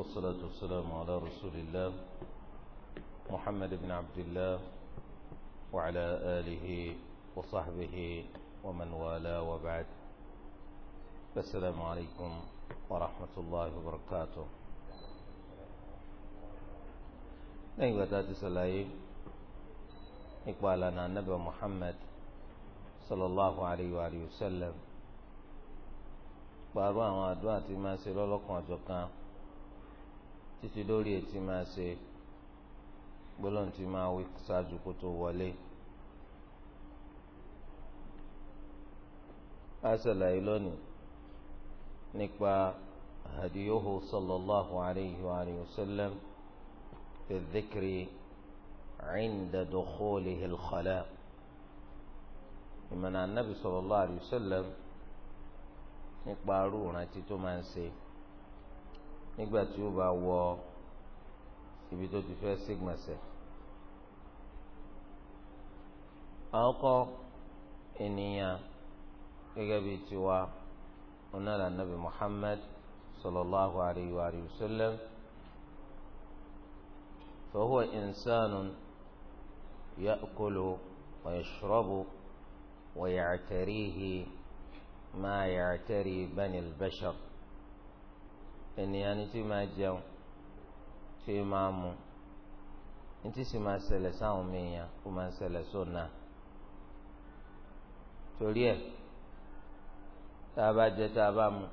والصلاة والسلام على رسول الله محمد بن عبد الله وعلى آله وصحبه ومن والاه وبعد السلام عليكم ورحمة الله وبركاته نيوة تسلعي إقبالنا النبي محمد صلى الله عليه وآله وسلم بأروان وأدوات ما سيلو لكم أجوكم títí lórí ètí máa ṣe gbólóhùn tí máa wí ṣáájú kó tó wọlé. a ṣàlàyé lónìí nípa hadiyuhu sallallahu alayhi wa alihi wa sallam fi dhikri inda dukhulihi al-khala. ìmọ̀nà anabi sallallahu alayhi wa sallam nípa arúgbó rántí tó máa ń ṣe. nígbà tí ó bá wọ ibi tó ti fẹ́ sígbọ̀nsẹ̀. àkọ́kọ́ ènìyàn gẹ́gẹ́ bíi tiwa onára nabi muhammed sallallahu alayhi wa sallam fahuwa insanun ya'kulu wa yashrabu wa ya'tarihi ma ya'tari bani al-bashar. ènìyàn ni tí máa jẹun mu ntí sì máa ṣẹlẹ̀ sáwọn mìíràn ó máa ṣẹlẹ̀ sóòna torí ẹ̀ tá a bá jẹ tá a bá mu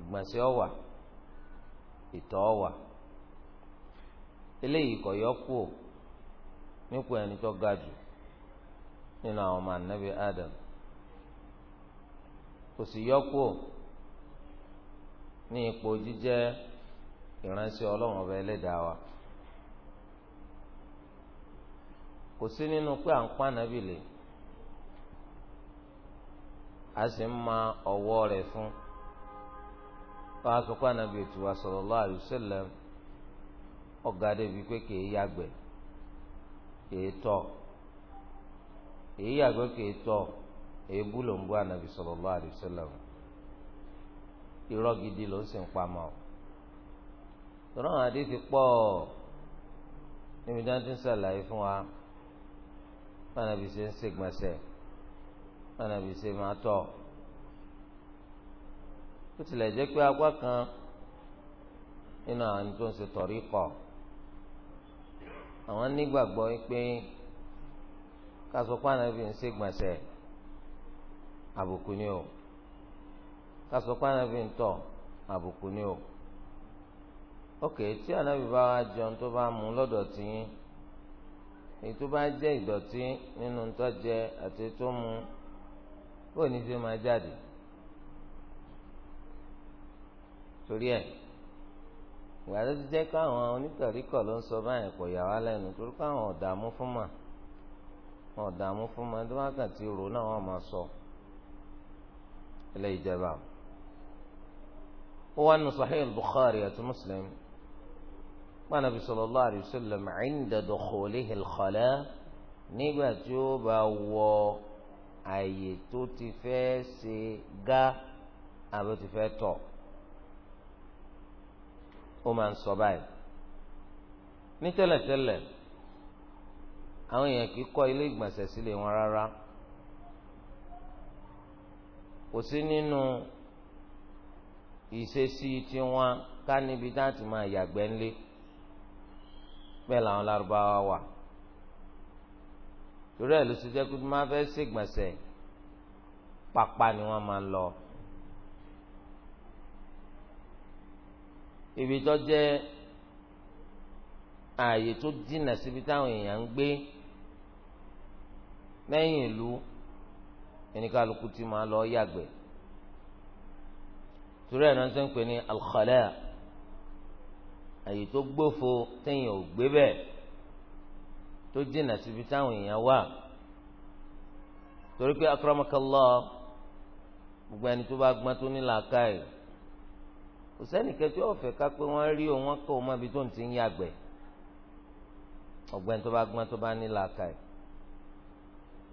ìgbọ̀nsẹ̀ ọ̀wà ìtọ̀ ọ̀wà eléyìí kọ̀ yọ nípò ẹni tó ga jù nínú àwọn ọmọ Adam kò sì ní ipò jíjẹ́ ìránṣẹ́ ọlọ́run ọba ẹlẹ́dàá wa kò sí nínú pé a sì ń ma ọwọ rẹ̀ fún wọn a sọ pé ànábì ètò wa sallallahu alaihi wasallam ọ̀gá débi pé kìí èébú irọ́ gidi ló ń sìn pamọ́ tọ́lá àwọn àdéhìí pọ̀ níbi dáńtí ń ṣàlàyé fún wa bánàbí ṣe ń ṣègbọ̀nsẹ̀ bánàbí ṣe máa tọ̀ ó tilẹ̀ jẹ́ pé apá kan nínú àwọn tó ń ṣe tọ̀rí kọ̀ àwọn nígbàgbọ́ pé ká sọ pé ànábì ń ṣègbọ̀nsẹ̀ àbùkù ni o kásọ pé anabi ń tọ̀ àbùkù ni o ok tí anabi bá wá jẹun tó bá mú lọ́dọ̀ tìyín èyí tó bá jẹ́ ìdọ̀tí nínú tó jẹ àti tó mu bó ní ṣe máa jáde torí ẹ̀ ìgbà tó ti jẹ́ káwọn onítọ̀ríkọ̀ ló ń sọ báyìí kò yà wá lẹ́nu torí káwọn ọ̀dààmú fún mà ọ̀dààmú fún mà tó bá kàn ti rò náà wọ́n máa sọ ilé ìjọba o. وأن صحيح البخاري مسلم النبي صلى الله عليه وسلم عند دخوله الخلاء نبتو بو àyè tó ti fẹ́ ṣe gá àbí ti fẹ́ tọ̀ ó máa ń sọ báyìí ní tẹ́lẹ̀tẹ́lẹ̀ àwọn èèyàn kì í kọ́ ilé ìgbọ̀nsẹ̀ sílé wọn rárá kò sí nínú ìṣesí tiwọn ká níbi dáàtì máa yàgbẹ́ ńlé bẹ́ẹ̀ làwọn lárúbáwá wà torí ẹ̀ ló ṣe jẹ́ pé bí wọ́n fẹ́ ṣègbọ̀nsẹ̀ pápá ni wọ́n máa lọ. ibi tó jẹ́ ààyè tó dínà síbi táwọn èèyàn ń gbé lẹ́yìn ìlú ẹnìkálukú ti máa lọ yàgbẹ́ torí ẹ̀ náà ń sẹ́ ń pè ní alxalẹ́ àyè tó gbófo téèyàn ò gbé bẹ́ẹ̀ tó jìnnà síbi táwọn èèyàn wà torí pé akramakallah gbogbo ẹni tó bá gbọ́n tó ní làákàyè kò sẹ́nìkan tí ó fẹ́ ká pé wọ́n rí òun kọ́ ọmọ ibi tó ń ti ń yàgbẹ́ ọ̀gbẹ́ni tó bá gbọ́n tó bá ní làákàyè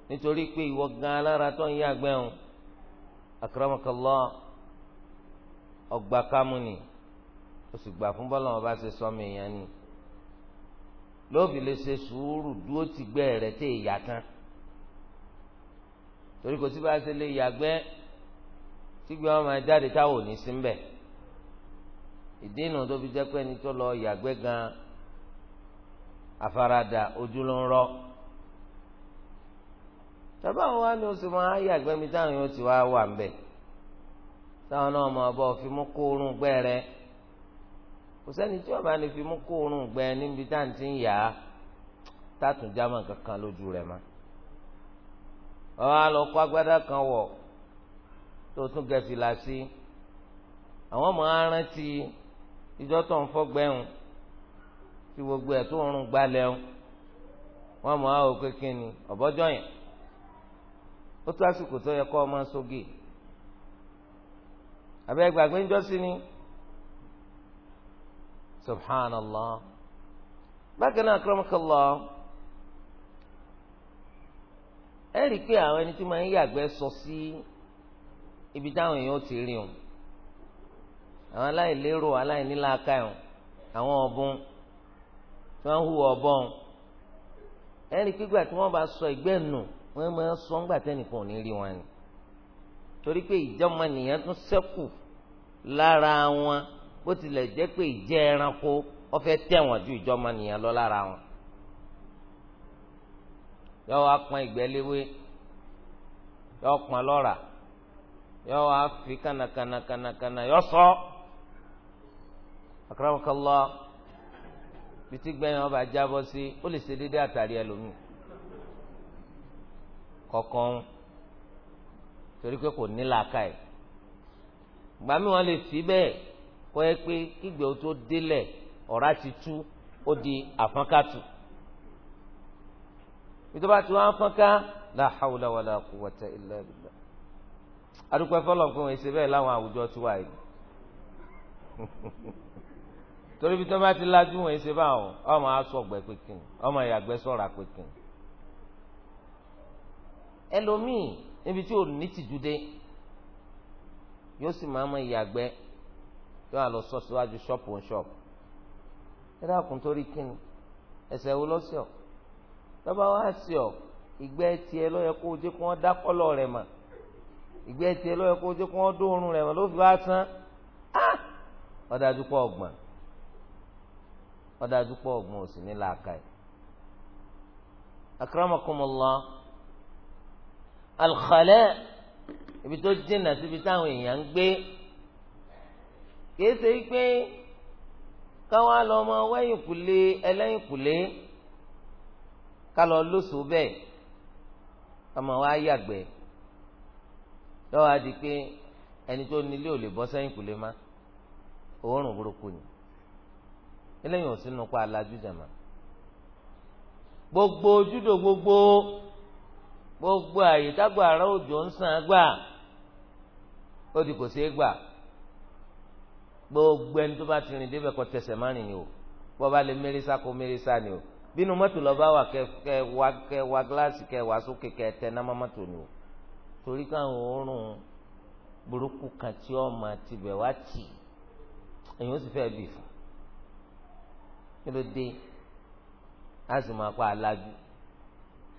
nítorí pé ìwọ gan alára tó ń yàgbẹ́ òun akramakallah ọgbà kámú ni ó sì gbà fún bọ́lá wọn bá ṣe sọmọ èèyàn ni lóòbí lè ṣe sùúrù dúró ti gbẹ́ rẹ̀ tẹ̀ yà tán torí kò sí bá ṣe lè yàgbẹ́ tígbẹ́ wọn máa jáde táwọn ò ní sí ìdí ìnà tó fi jẹ́ pé ẹni tó lọ yàgbẹ́ gan àfaradà ojú ló ń rọ́ tàbá wọn wá ní oṣù máa yàgbẹ́ mi táwọn yóò ti wá wà mbẹ̀ táwọn náà máa bọ̀ fi mú kóorùn gbẹ rẹ kò sẹ́ni tí ọba ni fi mú kóorùn gbẹ níbi tá à ń ti ń yá tátùn jámà kankan lójú rẹ̀ ma ọba lọ kó agbádá kan wọ̀ tó tún gẹ̀ẹ́sì la sí àwọn ọmọ arántí ìjọ tó ń fọgbẹ́hùn tí gbogbo ẹ̀ tó ń rún gbalẹ̀ ń wọ́n mọ̀ á ni ọ̀bọ́jọ́ ó tó àsìkò tó yẹ kó o máa So abẹ́ gbàgbé ńjọ́sí ni subhanallah bákan náà akramakallah ẹ rí i pé àwọn ẹni tí máa ń yàgbẹ́ sọ sí ibi táwọn èèyàn ti rí wọn àwọn aláìlérò aláìníláàká ẹ̀ àwọn ọ̀bùn tí wọ́n ń hùwà ọ̀bọ̀n ẹ rí i pé gbà tí bá sọ ìgbẹ́ nù wọ́n máa ń sọ ńgbà tẹ́nìkan ò ní rí wọn ni torí pé ìjọmọ nìyẹn tún ṣẹ́kù lára wọn bó tilẹ̀ jẹ́ pé ìjẹ́ ẹranko ọfẹ́ tẹ̀wọ̀n ju ìjọmọ nìyẹn lọ lára wọn. yọ wá pọn ìgbẹ́léwé yọ pọn lọ́ra yọ wá fi kànàkànàkànàkànà yọ sọ akramakalọ bìtí gbẹ̀yìn ọba jábọ́ sí ó lè ṣe déédéé àtàrí ẹlòmíì kọ̀ọ̀kan torí pé kò ní làákàyè gbà mí wọn lè sí bẹ́ẹ̀ kọ́ ẹ pé kígbe o tó délẹ̀ ọ̀rá ti tú ó di àfọ́nkátù ìjọba tí wọ́n á fọ́nká la hawla wala quwwata illa billah adúpẹ́ fọlọ́nkún ẹ̀ ṣe bẹ́ẹ̀ láwọn àwùjọ tí wà yìí torí bí tó ti lajú wọn ẹ̀ báwọn ọmọ asọ̀gbẹ́ pé ọmọ ìyàgbẹ́ sọ̀rọ̀ pé ẹlòmíì níbi tí ò ní tìjú dé yóò sì máa mọ ìyàgbẹ́ yóò àlọ́ sọ síwájú ṣọ́ọ̀pù ń ṣọ́ọ̀pù ẹ dákun torí kíni ẹsẹ̀ wo lọ́sẹ̀ ọ̀ tọ́ba wá sí ọ ìgbẹ́ tiẹ̀ lọ́yẹ kó o jẹ́ kó wọ́n dá kọ́lọ̀ rẹ̀ mà ìgbẹ́ tiẹ̀ lọ́yẹ kó o jẹ́ kó wọ́n dóorun rẹ̀ mà ló fi wá sán ọ̀dájú pọ̀ ọ̀gbọ̀n ọ̀dájú pọ̀ ọ̀gbọ̀n ò sì ní làákàyè akramakumullah alxalẹ ibi tó jìnnà síbi táwọn èèyàn ń gbé kìí ṣe pé káwọn á lọ ọmọ wẹ́yìnkùlé ẹlẹ́yìnkùlé ká lọ lóṣù bẹ́ẹ̀ ọmọ wa yàgbẹ́ lọ́wọ́ á di pé ẹni tó nílé ò lè bọ́ sẹ́yìnkùlé má òórùn burúkú ni eléyìí ò sínú pa alájú jàmá gbogbo ojúdò gbogbo. gbogbo àyè tágbà ara òjò ń san gbà ó di kò ṣeé gbà gbogbo ẹni tó bá ti rìn débẹ̀ kọ́ tẹsẹ̀ má o bọ́ bá lè mẹ́rìsà kó ni o bínú mọ́tò lọ́ba wà kẹ kẹ gíláàsì kẹ tẹ mọ́tò ni o torí káwọn òórùn burúkú kan tí ọmọ tibẹ̀ wá tì èyí ó sì fẹ́ bì fún kí ló dé sì pa alájú.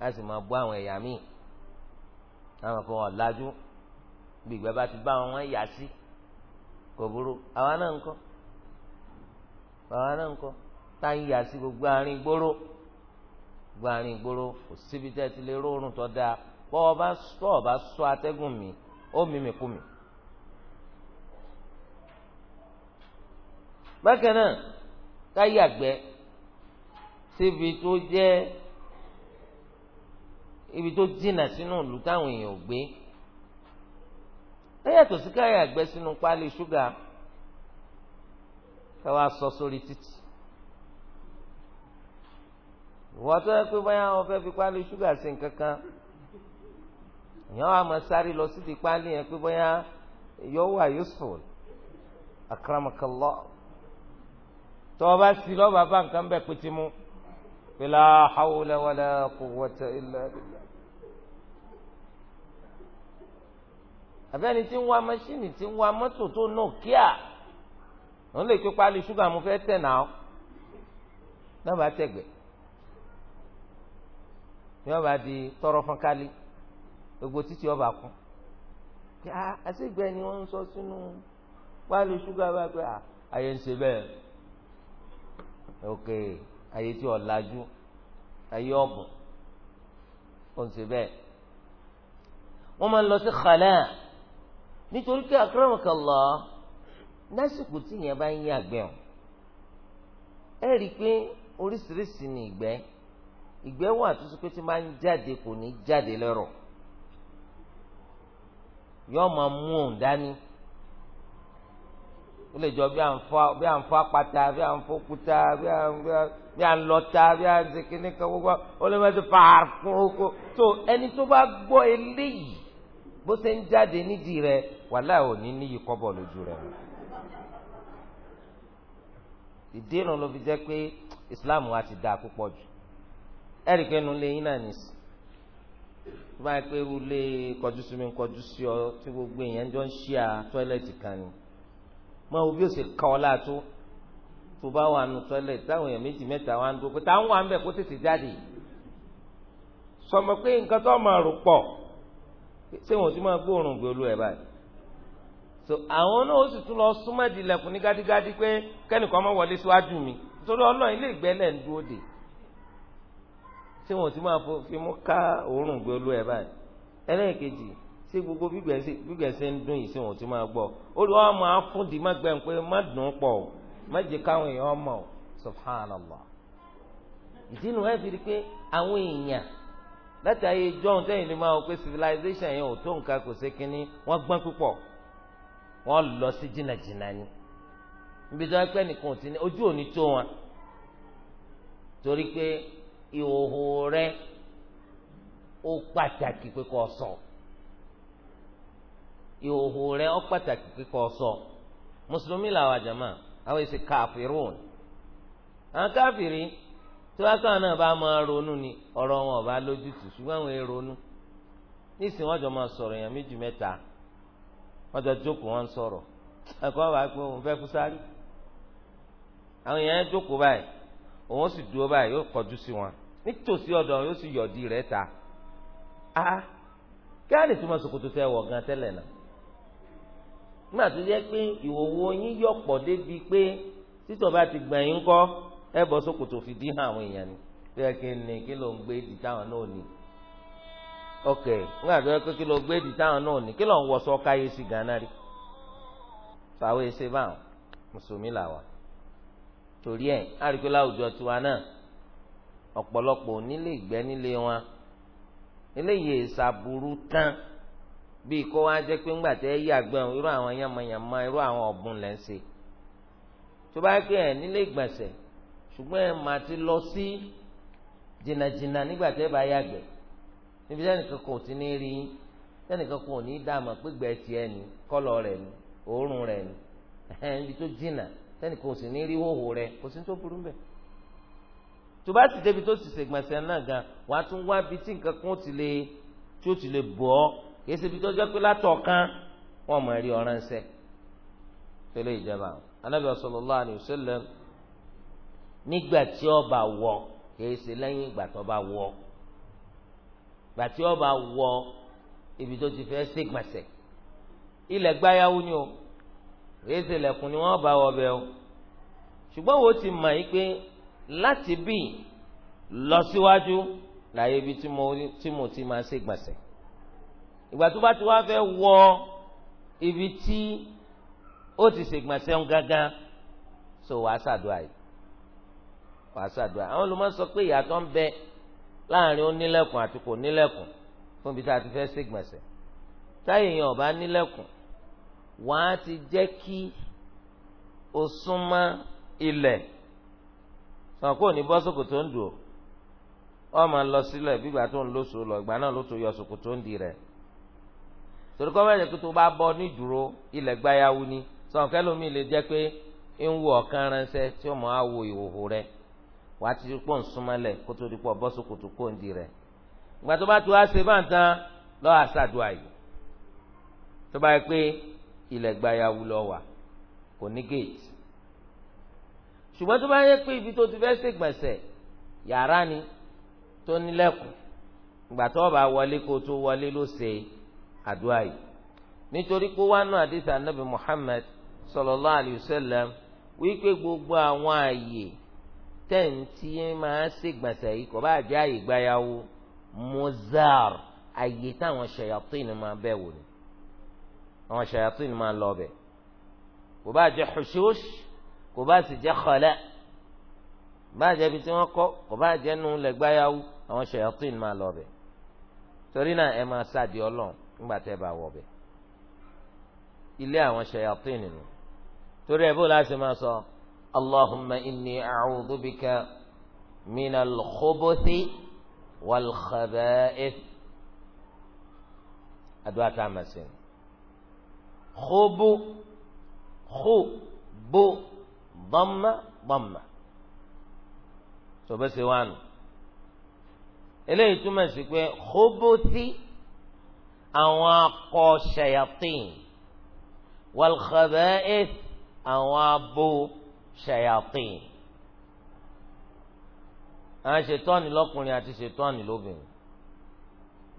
á sì máa bọ́ àwọn ẹ̀yà míì àwọn kan ọ̀làjú bí ìgbà bá ti bá wọn wọ́n yà sí kò burú àwa náà ń kọ́ àwa náà ń kọ́ tá ń yà sí gbogbo àárín gbòòrò gbogbo àárín gbòòrò kò síbi tẹ́ ti lè rórun tó dáa bọ́ ọ bá sọ ọ bá sọ atẹ́gùn mi ó mímì kú mi. bákan náà ká yàgbẹ́ síbi tó jẹ́ ibi tó jìnnà sínú ìlú táwọn èèyàn ò gbé ẹ yàtọ̀ sí káyà àgbẹ̀ sínú páálí ṣúgà ká wá sọ sórí títì ìwọ tó yẹ pé báyà wọn fẹ́ fi páálí ṣúgà sí nǹkan kan èèyàn wà máa sáré lọ sídìí páálí yẹn pé báyà yóò wà useful akramakallah tó o bá sí lọ́ọ́ bàbá nǹkan bẹ́ẹ̀ pété mú. بلا حول ولا قوة إلا بالله àbẹ́ni tí ń wa mọ́ṣíìnì tí ń wa mọ́tò tó nà kíá òun lè kí pálí ṣúgà mo fẹ́ tẹ̀ náà náà bá tẹ̀gbẹ́ ni wọ́n bá di tọrọ fún kálí gbogbo títí ọba kún yá àṣegbẹ́ ni wọ́n ń sọ sínú pálí ṣúgà bá pé àyè ń ṣe bẹ́ẹ̀ ok àyè tí ọ̀làjú àyè ọ̀bùn ó ń ṣe bẹ́ẹ̀ wọ́n máa ń lọ sí xalẹ́ nítorí pé akramakallah lásìkò tí yẹn bá ń yàgbẹ́ o ẹ rí i pé oríṣiríṣi ni ìgbẹ́ ìgbẹ́ wà tó ṣe pé tí máa ń jáde kò ní jáde lẹ́rọ̀ yóò máa mú òun dání ó lè jọ bí à ń fọ apata bí à ń fọ òkúta bí à ń lọta bí à ń ṣe kíní kan gbogbo ó lè má ti fàárọ̀ kó tó ẹni tó bá gbọ́ eléyìí bó ṣe ń jáde nídìí rẹ wàhálà ò ní níyì kọ́bọ̀ lójú rẹ ìdínà ló fi jẹ́ pé islam wa ti dáa púpọ̀ jù ẹ̀rí pé nu lẹ́yìn náà nìsí tó bá yẹ pé irú lé kọjú sí mi kọjú sí ọ tí gbogbo èèyàn jọ ń ṣí à tọ́ẹ̀lẹ̀tì kan ni mọ wo bí o ṣe kọ́ ọ láàtó tó bá wà nù tọ́ẹ̀lẹ̀tì táwọn èèyàn méjì mẹ́ta wà ń dúró pé táwọn wà ń bẹ̀ kó tètè jáde sọmọ pé nǹkan tó máa rò pọ̀ ṣé wọn ti máa gbóòórùn gbé olú ẹ báyìí so àwọn náà ó sì tún lọ súnmọ́ ìdílẹ̀kùn ní gádígádí pé kẹ́nìkan máa wọlé síwájú mi torí ọlọ́run ilé ìgbẹ́lẹ̀ ń dúró dè ṣé wọn ti máa fi mú ká òórùn gbé olú ẹ báyìí ẹlẹ́ẹ̀kejì ṣé gbogbo gbígbẹ̀sẹ̀ ń dún yìí ṣé wọn ti máa gbọ́ ó lọ́ máa fún di má gbẹ̀ pé má dùn ún pọ̀ o má jẹ́ káwọn èèyàn mọ̀ o subhanallah ìdí nu ẹ̀ fi rí pé àwọn èèyàn látàrí ìjọ ohun tẹ́yìn lè máa wọ pé civilization yẹn ò tó nǹkan kò ṣe kínní wọ́n gbọ́n púpọ̀ wọ́n lọ sí jìnnàjìnnà ni níbi tó pẹ́ nìkan ti ní ojú òní tó wọn torí pé ìhòòhò rẹ ó pàtàkì pé kò sọ ìhòòhò rẹ ó pàtàkì pé kò sọ mùsùlùmí làwọn àjàmà àwọn èsì káfíròn àwọn káfírin. tí wọ́n kàn náà bá máa ronú ni ọ̀rọ̀ wọn ò bá lójútùú ṣùgbọ́n àwọn èrò ronú nísìnyí wọ́n jọ máa sọ̀rọ̀ èèyàn méjì mẹ́ta wọ́n jọ jókòó wọn sọ̀rọ̀ ẹ̀kọ́ wa pé òun fẹ́ kú sáré àwọn èèyàn jókòó báyìí òun sì dúró báyìí yóò kọjú sí wọn nítòsí ọ̀dọ̀ yóò sì yọ̀dí rẹ̀ ta a kí á lè túmọ̀ ṣòkòtò tẹ wọ̀ gan tẹ́lẹ̀ náà nígbà tó jẹ́ pé ìhòòhò yín yọ̀pọ̀ débi pé títọ̀ bá ti gbẹ̀yìn kọ́ ẹ bọ́ sókòtò fìdí hàn àwọn èèyàn ni bí ẹ kí ni kí ló ń gbé di táwọn náà ní ok ńgbà tó yẹ pé kí ló gbé di táwọn náà ní kí ló ń wọṣọ káyé sí gánà rí fàwọn èsè báwọn mùsùlùmí làwọn torí ẹ àríkú láwùjọ tiwa náà ọ̀pọ̀lọpọ̀ nílé ìgbẹ́ nílé wọn eléyìí ìsàbùrú tán bíi kó wá jẹ́ pé ńgbà tẹ́ yí àgbẹ̀ irú àwọn yamayama irú àwọn ọ̀bùn lẹ́ tó bá kí ẹ̀ nílé ìgbọ̀nsẹ̀ ṣùgbọ́n ẹ máa ti lọ sí jìnnàjìnnà nígbà tẹ́ bá yàgbẹ́ níbi sẹ́nìkan kò ti ní rí yín sẹ́nìkan kò ní dààmú pígbẹ́ tiẹ̀ ni kọ́lọ̀ rẹ̀ ni òórùn rẹ̀ ni ibi tó jìnnà sẹ́nìkan kò sì ní rí hòhò rẹ̀ kò sí tó burú bẹ́ẹ̀. tó bá ti débi tó ti ṣègbọ̀nsẹ̀ náà gan wà á tún wá bi tí nǹkan kan ti lè tí ó ti lè bọ̀ ọ́ kì í ṣe ibi tó jẹ́ pé látọ̀kan wọ́n mọ̀ rí ọ̀ránṣẹ́ tẹ́lẹ̀ ìjọba anábìyà sallallahu alaihi wasallam nígbà tí ọba wọ kìí ṣe lẹ́yìn ìgbà tó bá wọ ìgbà tí ọba wọ ibi tó ti fẹ́ ṣègbọ̀nsẹ̀ ilẹ̀ gbáyàwó ni o kìí ṣe lẹ̀kùn ni wọ́n bá wọ bẹ́ẹ̀ o ṣùgbọ́n wo ti mọ̀ yìí pé láti bì lọ síwájú láyé ibi tí mo ti máa ṣègbọ̀nsẹ̀ ìgbà tó bá ti wá fẹ́ wọ ibi tí ó ti ṣègbọ̀nsẹ̀ ń gángan so wàá ṣàdúrà yìí wàá ṣàdúrà àwọn olùmọ̀ sọ pé ìyàtọ̀ ń bẹ láàrin onílẹ̀kùn àti kò nílẹ̀kùn fún ibi tá a ti fẹ́ ṣègbọ̀nsẹ̀ táyà èèyàn ọba nílẹ̀kùn wàá ti jẹ́ kí o súnmọ́ ilẹ̀ sàn kó ní bọ́sùkù tó ń dùn ọ máa lọ sílẹ̀ bígbà tó ń lóṣù lọ ìgbà náà ló tó yọ sùkù tó ń di rẹ̀ torí kọ́ mẹ́rin tó bá bọ́ nídùúró ilẹ̀ gbáyàwó ni sàn kẹ́lómi lè jẹ́ pé ń wo ọ̀kan ránṣẹ́ tí ó máa wo ìhòhò rẹ̀ wàá ti pọ̀ ń súnmọ́lẹ̀ kó tó di pọ̀ bọ́sùkùtù kó ń di rẹ̀ ìgbà tó bá tu á ṣe báà tán lọ́ àṣàdùn àyè tó bá yẹ pé ilẹ̀ gbayawu lọ wà kò ní gate ṣùgbọ́n tó bá yẹ pé ibi tó ti fẹ́ ṣègbọ̀nsẹ̀ yàrá ni tó nílẹ̀kùn ìgbà tó bá wọlé kó tó wọlé ló ṣe àdúrà yìí nítorí pé wánú àdìsá nàbì Muhammad sallallahu alayhi sallam wípé gbogbo àwọn àyè tẹ́ǹtì máa ṣègbọ̀nsẹ̀ yìí kò bá jẹ́ àyè gbáyàwó mozar àyè táwọn ṣayatin máa bẹ̀ wò ni àwọn ṣayatin máa lọ bẹ̀ kò bá jẹ́ hushush kò bá sì jẹ́ khala bá jẹ́ ibi tí wọ́n kọ́ kò bá jẹ́ nu lẹ́gbáyàwó àwọn ṣayatin máa lọ bẹ̀ torí náà ẹ máa sáàdì ọlọ́run nígbà tẹ́ bá wọ̀ bẹ̀ ilé àwọn ṣayatin nù torí ẹ bó láti máa sọ. So, اللهم إني أعوذ بك من الخبث والخبائث أدواء تامسين خب خب ضم ضم tòbẹ́ ṣe wá nù eléyìí túmọ̀ sí pé khoboti àwọn akọ ṣayatin wal khaba'ith àwọn abo ṣayatin àwọn ṣètọ́ni lọ́kùnrin àti ṣètọ́ni lóbìnrin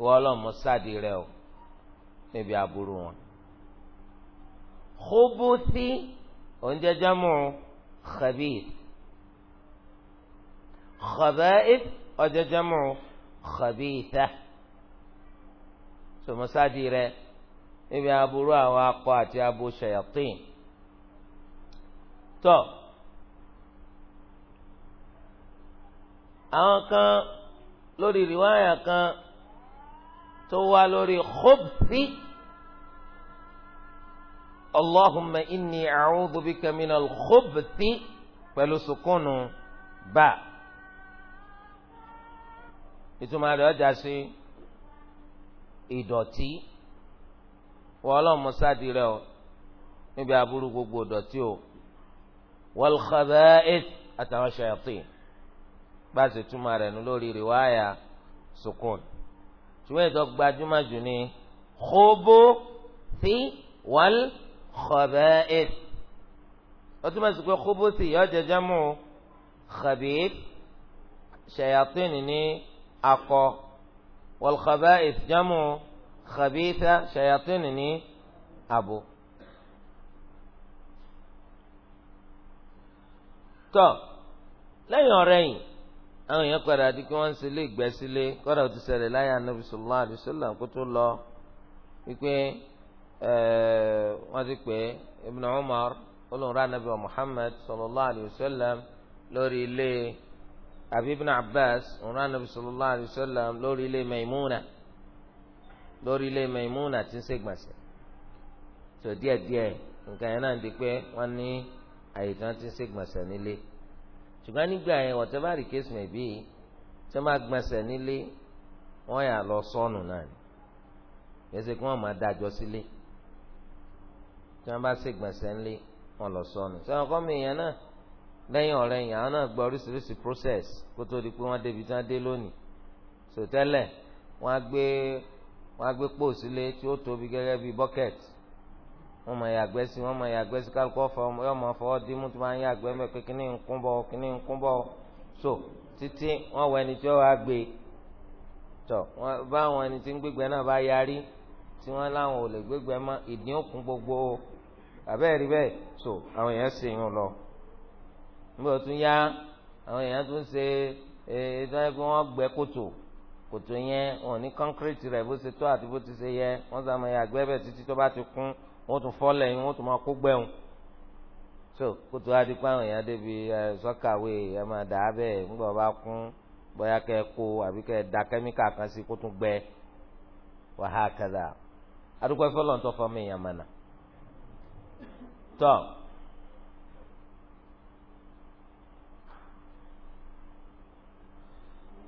wọ́n ọlọ́mọ sáàdì rẹ o níbi aburú wọn. khubuthi oúnjẹ jámọ́ khabith khaba'ith ọjọ́ jámọ́ khabitha sọmọ sáàdì rẹ níbi aburú àwọn akọ àti abo ṣayatin tọ́. So, àwọn kan lórí rìwáyà kan tó wá lórí khubthi allahumma inni a'udhu bika minal khubthi pẹ̀lú sukunu bá ìtumọ̀ rẹ̀ ọjà sí ìdọ̀tí wọ́n ọlọ́run mọ́sáàdì o níbi aburú gbogbo ìdọ̀tí o wal khaba'ith àtàwọn ṣayatin bá a ṣe túmọ̀ rẹ̀ nu lórí rìwáyà sukun ṣùgbọ́n ìtọ́ gbajúmọ̀ jù ní kóbó sí wàl xọbẹ́ ẹ̀ ó túmọ̀ sí pé kóbó sí yọ jẹjẹ xabib ṣayatin ní akọ wàl xọbẹ́ ẹ̀ jẹ́mu xabisa ṣayatin ní abo. tọ́ lẹ́yìn ọ̀rẹ́yìn. àwọn èèyàn padà di kí wọ́n si sílé ìgbẹ́sílé kọ́dà ó ti ṣẹlẹ̀ láyé anabi sallallahu alaihi wasallam kó tó lọ wípé wọ́n ti pè ibn umar olùrà anabi wa muhammad sallallahu alaihi wasallam lórí ilé àbí ibn abbas olùrà sallallahu alaihi wasallam lórí maimuna lórí ilé maimuna ń tó díẹ̀díẹ̀ nǹkan yẹn náà di pé wọ́n ní àyè tí wọ́n ti ń ṣùgbọ́n nígbà yẹn whatever the case may be tí wọ́n bá gbọ̀nsẹ̀ nílé wọ́n yà lọ sọ́nù náà ni yẹ́sẹ̀ kí wọ́n máa dájọ́ sílé tí wọ́n bá ṣègbọ̀nsẹ̀ nílé wọ́n lọ sọ́nù sọ́nù kọ́ mi yẹn náà lẹ́yìn ọ̀rẹ́ yẹn àwọn náà gba oríṣiríṣi process kó tó di pé wọ́n débi tí wọ́n dé lónìí sòtẹ́lẹ̀ wọ́n á gbé wọ́n á gbé póòsì lé tí ó tóbi gẹ́gẹ́ bíi bucket wọ́n máa yàgbẹ́ sí wọ́n máa yàgbẹ́ sí kálukú ọ̀fọ̀ yọ máa fọwọ́ dí mú tó máa ń yàgbẹ́ mẹ́ pé kíní ń kún bọ̀ kíní ń kún bọ̀ so títí wọ́n wọ ẹni tí wọ́n wá gbé tọ wọ́n báwọn ẹni tí ń gbégbẹ́ náà bá yarí tí wọ́n láwọn ò lè gbégbẹ́ mọ́ ìdí òkun gbogbo o bẹ́ẹ̀ so àwọn èèyàn sì ń lọ níbo tún yá àwọn èèyàn tún ṣe ee tí wọ́n gbẹ́ kòtò kòtò yẹn wọ́n ní kọ́ńkírẹ́tì rẹ̀ bó ṣe tó àti bó ti ṣe yẹ wọ́n sàmọ̀ yàgbẹ́ bẹ̀ títí tó bá ti kún wọ́n tún fọ́ lẹ́yìn wọ́n tún so kótó adi pa àwọn èèyàn débi ẹ ẹ máa dà á bẹ́ẹ̀ nígbà wọ́n bá kún bóyá kẹ́ kó àbí kẹ́ da kẹ́míkà kan sí kó tún gbẹ wàhálà kẹdà adúgbò fọ́ mi tọ́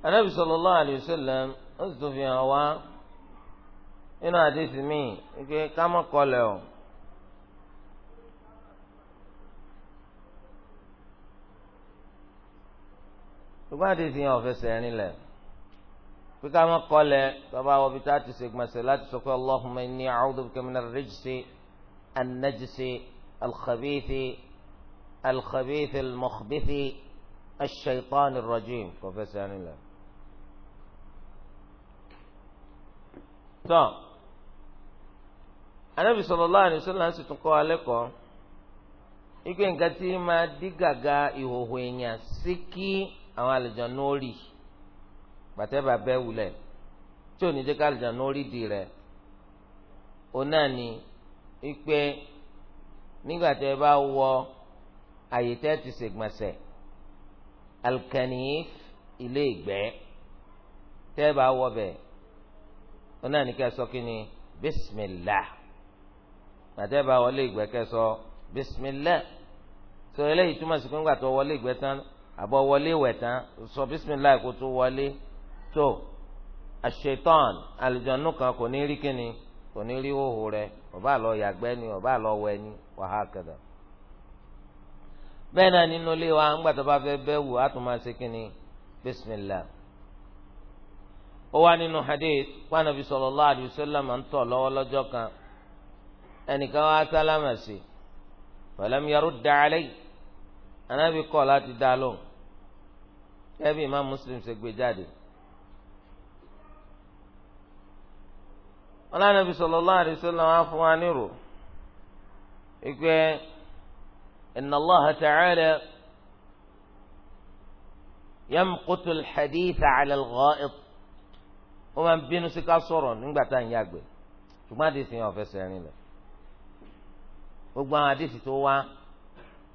anabi sallallahu alayhi wa sallam ó sì tún fi hàn wá àdéhùn mi ike ká mọ̀ o. tó bá dé ìsìn ọ̀fẹ́sẹ̀ rìn lẹ̀ pé ká má kọ́lẹ̀ tó bá wọ bíi táàtì ṣègbọ̀nsẹ̀ láti sọ pé allahumma inni a'udhu bika min ar-rijsi an-najsi al-khabithi al-khabithi al-mukhbithi ash-shaytani rajim kò fẹsẹ̀ rìn lẹ̀. tán anabi sallallahu alaihi wasallam sì tún kọ́ alẹ́ kọ́ ikú nǹkan tí máa dí gàga ìhòhò èèyàn sí kí àwọn àlùjànnú ó rì gbàtẹ́bà bẹ́ wulẹ̀ tí ò ní jẹ́ ká àlùjànnú ó rì di rẹ̀ òun ni wípé nígbà tí ẹ bá wọ àyè tẹ́ ti ṣègbọ̀nsẹ̀ alkanif ilé ìgbẹ́ tẹ́ bá wọ bẹ̀ òun ni ká sọ kí ni bismillah gbàtẹ́ bá wọlé ìgbẹ́ kẹ́ sọ bismillah sọ eléyìí túmọ̀ sí pé ńgbà tó wọlé ìgbẹ́ tán àbọ̀ wọlé wẹ̀ tán sọ bisimilayi tó wọlé tó àṣetán àlùjànnú kan kò ní rí kíni kò ní rí hóhó rẹ ọba yàgbẹ́ ni ọba àlọ wẹ̀ ni wàhálà kẹdà bẹ́ẹ̀ náà nínú ilé wa ńgbà tó bá fẹ́ bẹ́ wù á tún máa ṣe kíni bisimilayi ó nínú hadith wa Nabi sallallahu ń tọ̀ lọ́wọ́ lọ́jọ́ kan anábì kọ̀ láti dá lóhùn kẹ́bí imam muslim ṣe gbé jáde. ọlọ́nàbí sallallahu alaihi wasallam á fún wa nírò ìpè inna Allaha ta'ala yamqutu al-haditha 'ala al-gha'it ó máa ń bínú sí ká sọ̀rọ̀ nígbà tá à ń yàgbẹ́ àdìsí yẹn ò rìn lẹ̀ gbogbo àwọn àdìsí tó wá.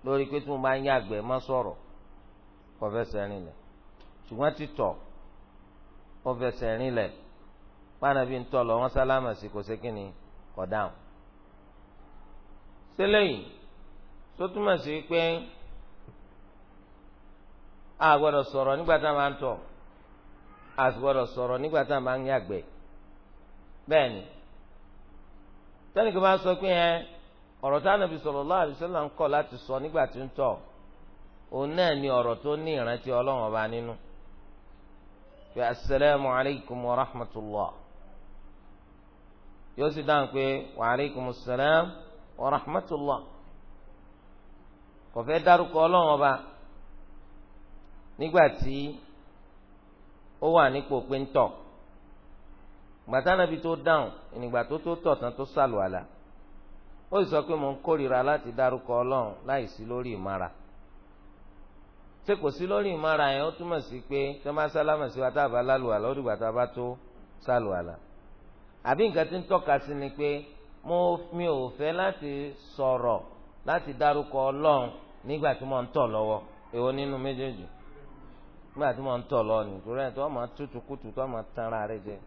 lórí pé tí mo bá ń yàgbẹ́ má sọ̀rọ̀ kò rìn lẹ̀ ṣùgbọ́n títọ̀ kò fẹsẹ̀ rìn lẹ̀ pàànàbí ń tọ̀ lọ wọ́n sálámà sí kò sékìní kò dáhùn. sẹ́lẹ̀yìn tó túmọ̀ sí pé a gbọ́dọ̀ sọ̀rọ̀ nígbà tá a máa ń tọ̀ a a máa ń ni tẹ́nìkan bá sọ ọ̀rọ̀ tá ànábì sallallahu alaihi wasallam ń kọ̀ láti sọ nígbà tí ń tọ̀ òun náà ni ọ̀rọ̀ tó ní ìrántí ọlọ́run ọba nínú pé asalaamu alaykum wa rahmatulah yóò sì dáhùn pé wa alaykum wa rahmatulah kò fẹ́ dárúkọ ọlọ́run ọba nígbà tí ó wà nípò pé ń tọ̀ gbàtà nàbí tó dáhùn ìnìgbà tó tó tọ̀ tán tó ó sì sọ pé mo ń kórìíra láti dárúkọ ọlọ́run láì sí lórí ìmára ṣé kò sí lórí ìmára yẹn ó túmọ̀ sí pé tẹ́ máa sálámà sí wa tá a bá lálùwàlá ó dìgbà tá a bá tó sálùwàlá àbí nǹkan tí ń tọ́ka sí ni pé mo mi ò fẹ́ láti sọ̀rọ̀ láti dárúkọ ọlọ́run nígbà tí mo ń tọ̀ lọ́wọ́ èwo nínú méjèèjì nígbà tí mo ń tọ̀ lọ́ọ̀ nìtúrẹ́ tó ọmọ tútù kùtù tó ọmọ tanra rẹ jẹ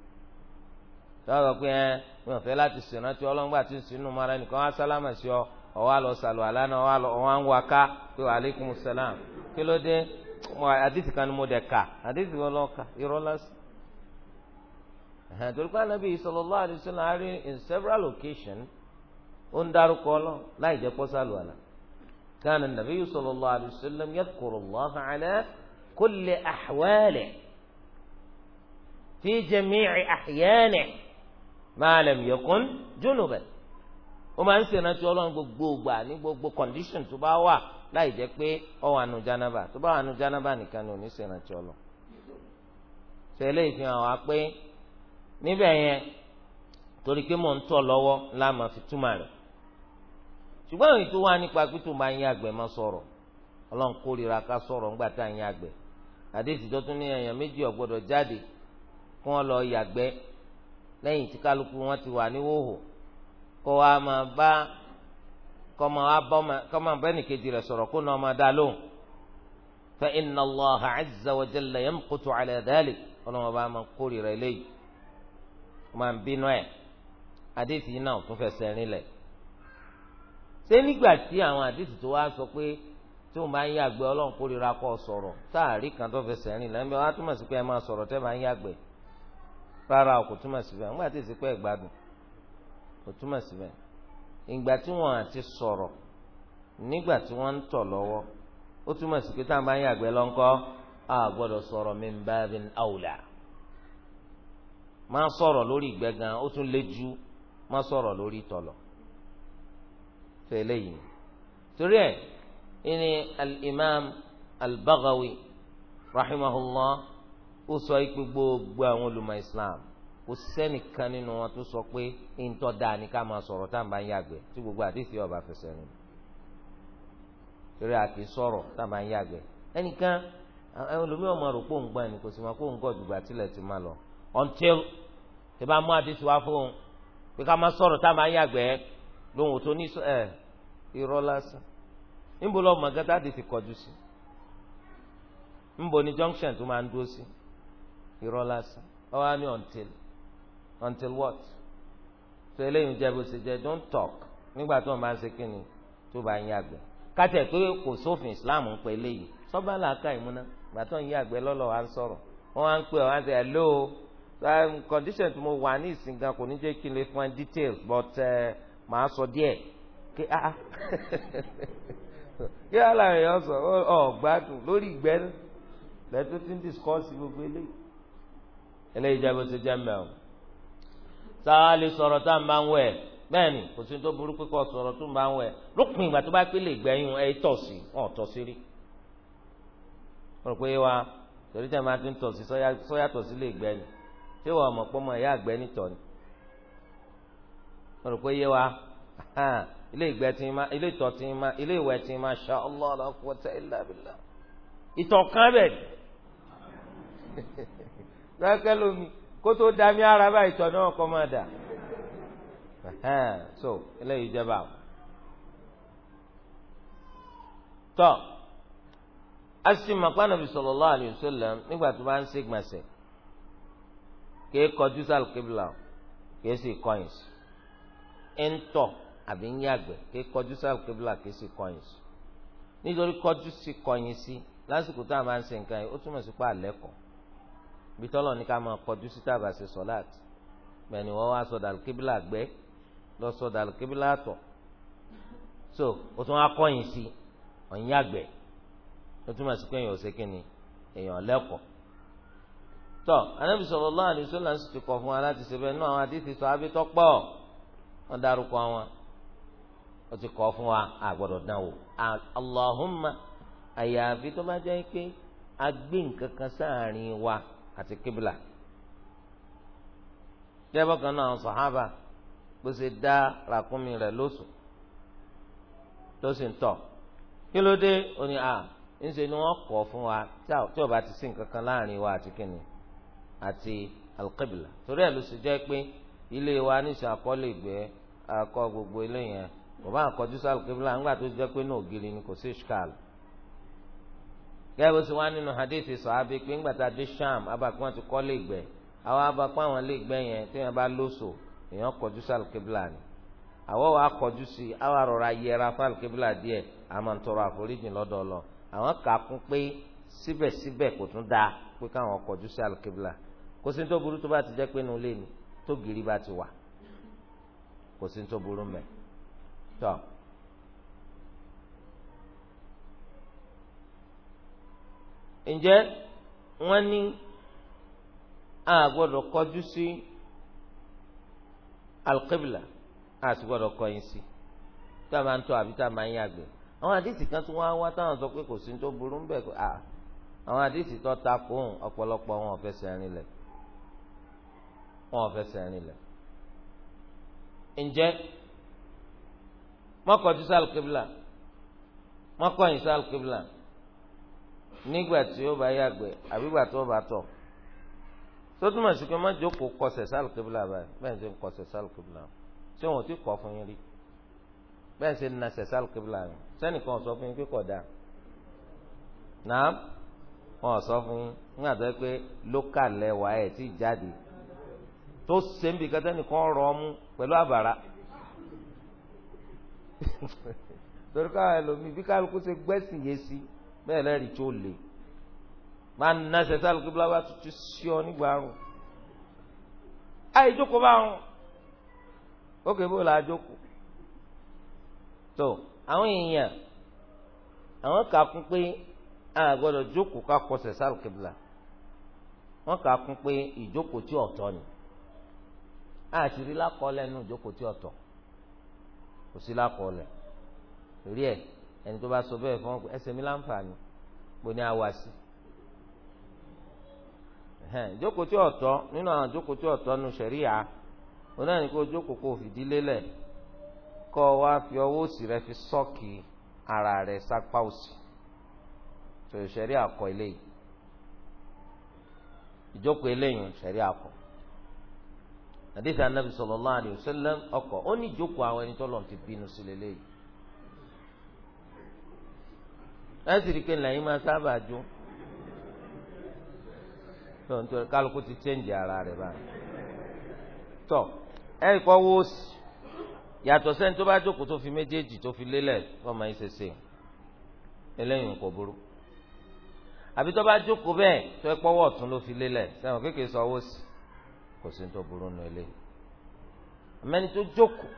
tọ́wọ́ pé ẹ mi ò fẹ́ láti ṣèrántí ọlọ́ngbà tí ń sinú mara nìkan wá sálámà sí ọ ọwọ́ àlọ́ sàlù àlánà ọwọ́ à ń wa ká pé wa aleykum salam kí ló dé àdìsí kan ni mo dẹ̀ kà àdìsí wọn lọ́ọ́ kà irọ́ lásì. torí pé anabi sallallahu alaihi in several occasions ó ń dárúkọ ọlọ́ láì jẹ́ pọ́ sàlù àlá كان النبي صلى الله عليه وسلم يذكر الله على كل أحواله في جميع أحيانه ma lam yakun junuban ó máa ń ṣèrántí ọlọ́run gbogbo ògbà ní gbogbo condition tó bá wà láì jẹ́ pé ó wà nù jánábà tó bá wà nù jánábà nìkan ni ò ní ìfihàn wa pé níbẹ̀ yẹn torí pé mò ń tọ̀ lọ́wọ́ fi túmọ̀ rẹ̀ ṣùgbọ́n nípa máa ń máa sọ̀rọ̀ ọlọ́run kórìíra ká sọ̀rọ̀ tá à ń àdéhùn lẹ́yìn tí kálukú wọn ti wà níwòhò kó wa máa bá kọ́mọ abọ́mọ kọ́mọ abẹ́nìkejì rẹ̀ sọ̀rọ̀ kó náà máa dá lóhùn fa inna Allaha azza wa jalla kutu ala adali ọlọ́wọ́n bá máa kórìíra eléyìí máa ń bínú ẹ̀ àdéhìí náà tún fẹsẹ̀ rinlẹ̀ ṣé nígbà tí àwọn àdéhìí tó wá sọ pé tí o máa ń yàgbẹ́ ọlọ́run kórìíra kọ́ sọ̀rọ̀ táàrí kan tó fẹsẹ̀ rárá o kò túmọ̀ sí bẹ́ẹ̀ nígbà tí èsì pé ẹ̀gbádùn kò túmọ̀ sí bẹ́ẹ̀ ìgbà tí wọ́n àti sọ̀rọ̀ nígbà tí wọ́n ń tọ̀ lọ́wọ́ ó túmọ̀ sí pé táwọn bá ń yàgbẹ́ lọ́ńkọ́ a gbọ́dọ̀ sọ̀rọ̀ min babin awla máa sọ̀rọ̀ lórí ìgbẹ́ gan ó tún lé ju máa sọ̀rọ̀ lórí tọ̀lọ̀ tó eléyìí torí ẹ̀ ìní al-imam al-Baghawi rahimahullah ó sọ pé gbogbo àwọn olùmọ̀ islam kò sẹ́nìkan nínú wọn tó sọ pé ntọ́ dáa ni ká máa sọ̀rọ̀ tá à ń bá ń yàgbẹ́ tí gbogbo àdìsí ọba fẹsẹ̀ rìn torí a kì í sọ̀rọ̀ tá à ń bá ń yàgbẹ́ ẹnìkan olùmí ọmọ rò pò ń gbà ní kò sì máa pò ń gọ̀ dùgbà tilẹ̀ ti máa lọ until tí bá mú àdìsí wá fún un pé ká máa sọ̀rọ̀ tá à ń bá ń yàgbẹ́ lóhùn tó ní ẹ irọ́ lásán níbo lọ́ọ́ mọ̀gá tá àdìsí kọjú sí níbo ni junction tó máa ń dúró sí irọ́ lásán ọ wá ní until until what so eléyìí jẹ bó ṣe jẹ don't talk nígbà tó o máa ṣe kí ni tó bá ń yàgbẹ́ kátẹ pé kò sófin Islam ń pè léyìí sọba làákà ìmúná ìgbà tó ń yàgbẹ́ lọ́lọ́ wa ń sọ̀rọ̀ wọ́n wá ń pè wọ́n á sẹ hello um, condition tí mo wà ní ìsìn gan kò ní jẹ́ kí n lè fún ẹ details but uh, màá sọ díẹ̀ kí á ah, ah. kí á làwọn èèyàn sọ ọ gbádùn lórí ìgbẹ́ lẹ́tọ́ tí ń discuss gbogbo eléyìí. eléyìí jẹ́ bó ṣe jẹ́ mẹ́ọ̀. sáálì sọ̀rọ̀ tá à ń bá ń wẹ̀ bẹ́ẹ̀ ni kò sí tó burú pé kò sọ̀rọ̀ tó ń bá ń wẹ̀ lópin ìgbà tó bá pé lè gbẹ̀yìn ẹ̀ tọ̀ sí ọ̀ tọ̀ sí rí. rò pé wa torí tẹ̀ máa ti ń tọ̀ sí sí lè gbẹ̀yìn tí wọ́n mọ̀ pọ́ mọ̀ ẹ̀yà àgbẹ̀ nìtọ̀ ni. rò pé yé wa ilé ìgbẹ́ ti ma ilé ìtọ̀ ti ma ilé ìwẹ̀ ti ma ṣá Allah la quwwata illa ìtọ̀ kan bẹ̀ lọ́kẹ́ lómi kó tó da ara báyìí tọ̀ náà kọ́ so eléyìí jẹba tọ́ asima kpanabi sallallahu alayhi wa nígbà tó bá ń ségbàsẹ kéé kọjú sálù kébìlà kéé sì kọyìn ń tọ̀ àbí ń yàgbẹ́ kéé kọjú sálù kébìlà kéé sì kọyìn nítorí kọjú sí lásìkò a bí ni ní ká máa kọjú sí tàbá ṣe sọ́láàt bẹ́ẹ̀ ni wá sọ dàlùkíbílà gbẹ́ lọ sọ dàlùkíbílà tọ̀ so o tún wá kọ́yìn sí ọ̀yìn yàgbẹ́ o túmọ̀ sí pé èèyàn ò ṣe kí ni èèyàn lẹ́kọ̀ọ́ tọ́ anábì sallallahu alaihi wasallam ti kọ̀ fún wa láti ṣe bẹ́ẹ̀ nínú àwọn àdìsí sọ abẹ́tọ́ pọ̀ wọ́n dárúkọ wọn o ti kọ́ fún wa àgbọ̀dọ̀ dán wò Allahumma àyàfi tó bá jẹ́ pé a gbé nǹkan wa àti kíbla jẹ́bọ́ kan náà sọ̀hábà bó ṣe dá ràkúnmí rẹ̀ lóṣù tó sì ń tọ̀ kí ló dé ó ní à ńṣe ni wọ́n kọ̀ fún wa tí ò bá ti sí nǹkan kan láàrin wa àti kìnnì àti alqibla torí ẹ̀ ló ṣe jẹ́ pé ilé wa níṣẹ́ àkọ́lé ìgbẹ́ akọ gbogbo ilé yẹn kò bá àkọjú sí alqibla ńgbà tó jẹ́ pé náà ògiri ni kò sí ṣkàlù gẹ́gẹ́ bó ṣe wá nínú hadithi sàábì pé ńgbà tá a dé sham abakun àti kọ́ lè gbẹ àwọn abakun àwọn lè gbẹ yẹn tí wọ́n bá lóso èèyàn kọjú sí alùkébìlà ni àwọn wa kọjú sí àwọn arọra yẹra fún alùkébìlà díẹ̀ àmọ́ ń tọrọ àforíjì lọ́dọ̀ ọlọ àwọn kà á kún pé síbẹ̀síbẹ̀ kò tún dáa pé káwọn kọjú sí alùkébìlà kò sí tó burú tó bá ti jẹ́ pé inú ni tó gírí bá ti wà kò sí tó burú mẹ́ tọ́. So, ǹjẹ́ wọ́n ní a gbọ́dọ̀ kọjú sí alqibla a sì gbọ́dọ̀ kọyìn sí tá a máa ń tọ̀ àbí tá a máa ń yàgbẹ́ àwọn àdìsí kan tún wá wá táwọn sọ pé kò sí tó burú ń bẹ̀ à àwọn àdìsí tó ta kóhùn ọ̀pọ̀lọpọ̀ wọn ò fẹsẹ̀ rinlẹ̀ wọn ò fẹsẹ̀ rinlẹ̀ ǹjẹ́ mọ́kọ̀jú sí alqibla mọ́kọ̀yìn sí alqibla nígbà tí ó bá yàgbẹ́ àbígbà tí ó bá tọ̀ tó túmọ̀ sí pé má jókòó kọsẹ̀ sálùkébìlà báyìí bẹ́ẹ̀ ṣe ń kọsẹ̀ sálùkébìlà ṣé wọn ò tí kọ́ fún yín rí bẹ́ẹ̀ ṣe ń nasẹ̀ sálùkébìlà yín sẹ́nìkan sọ fún yín pé kọ̀ dáa náà wọn sọ fún yín nígbà tó yẹ pé lókà lẹ́wà ẹ̀ tí jáde tó ṣe ń bì kẹ́tẹ́ nìkan rọ ọmú pẹ̀lú àbàrà torí káwọn ẹlòmíì bí kálukú ṣe gbẹ́sìn yé sí bẹ́ẹ̀ lẹ́rìí tó le máa ń nẹsẹ̀ sálù kíbla bá tuntun sí ọ nígbà àrùn àìjókòó bá wọn ókè bó la jókòó tó àwọn èèyàn àwọn kà kún pé a gbọ́dọ̀ jókòó ká kọsẹ̀ sálù kíbla wọn kà kún pé ìjókòó tí ọ̀tọ̀ ni àṣírí lákọọ́lẹ̀ nù ìjókòó tí ọ̀tọ̀ kò sí lákọọ́lẹ̀ rí ẹ̀ ẹni tó bá sọ bẹ́ẹ̀ fún ẹsẹ̀ mi láǹfààní kò ní àwa sí jókòó tí ọ̀tọ̀ nínú àwọn jókòó tí ọ̀tọ̀ nu sẹ̀ríyà òun náà ní kó jókòó kó fìdí lélẹ̀ kọ́ wa fi ọwọ́ òsì rẹ fi sọ́ọ̀kì ara rẹ sápá òsì tó sẹ̀ríyà kọ́ eléyìí ìjókòó eléyìí sẹ̀ríyà kọ́ àdéhùn anábì sallallahu alaihi wasallam ọkọ̀ ó ní ìjókòó àwọn ẹni tó lọ́n ti bínú sí lélẹ́yìí ẹ sì rí i pé lẹ́yìn máa sábà jó tó ń torí kálukú ti chẹ́ǹjì ara rẹ̀ báyìí tó ẹ kọ́ wo yàtọ̀ sẹ́ni tó bá jókòó tó fi méjèèjì tó fi lélẹ̀ fọmọ yìí ṣèṣe eléyìí kò burú àbí tó bá jókòó bẹ́ẹ̀ tó ẹ pọ́wọ́ ọ̀tún ló fi lélẹ̀ sẹ́wọ̀n kékeré sọ owó sí kò sí tó burú nù eléyìí àmẹ́ni tó jókòó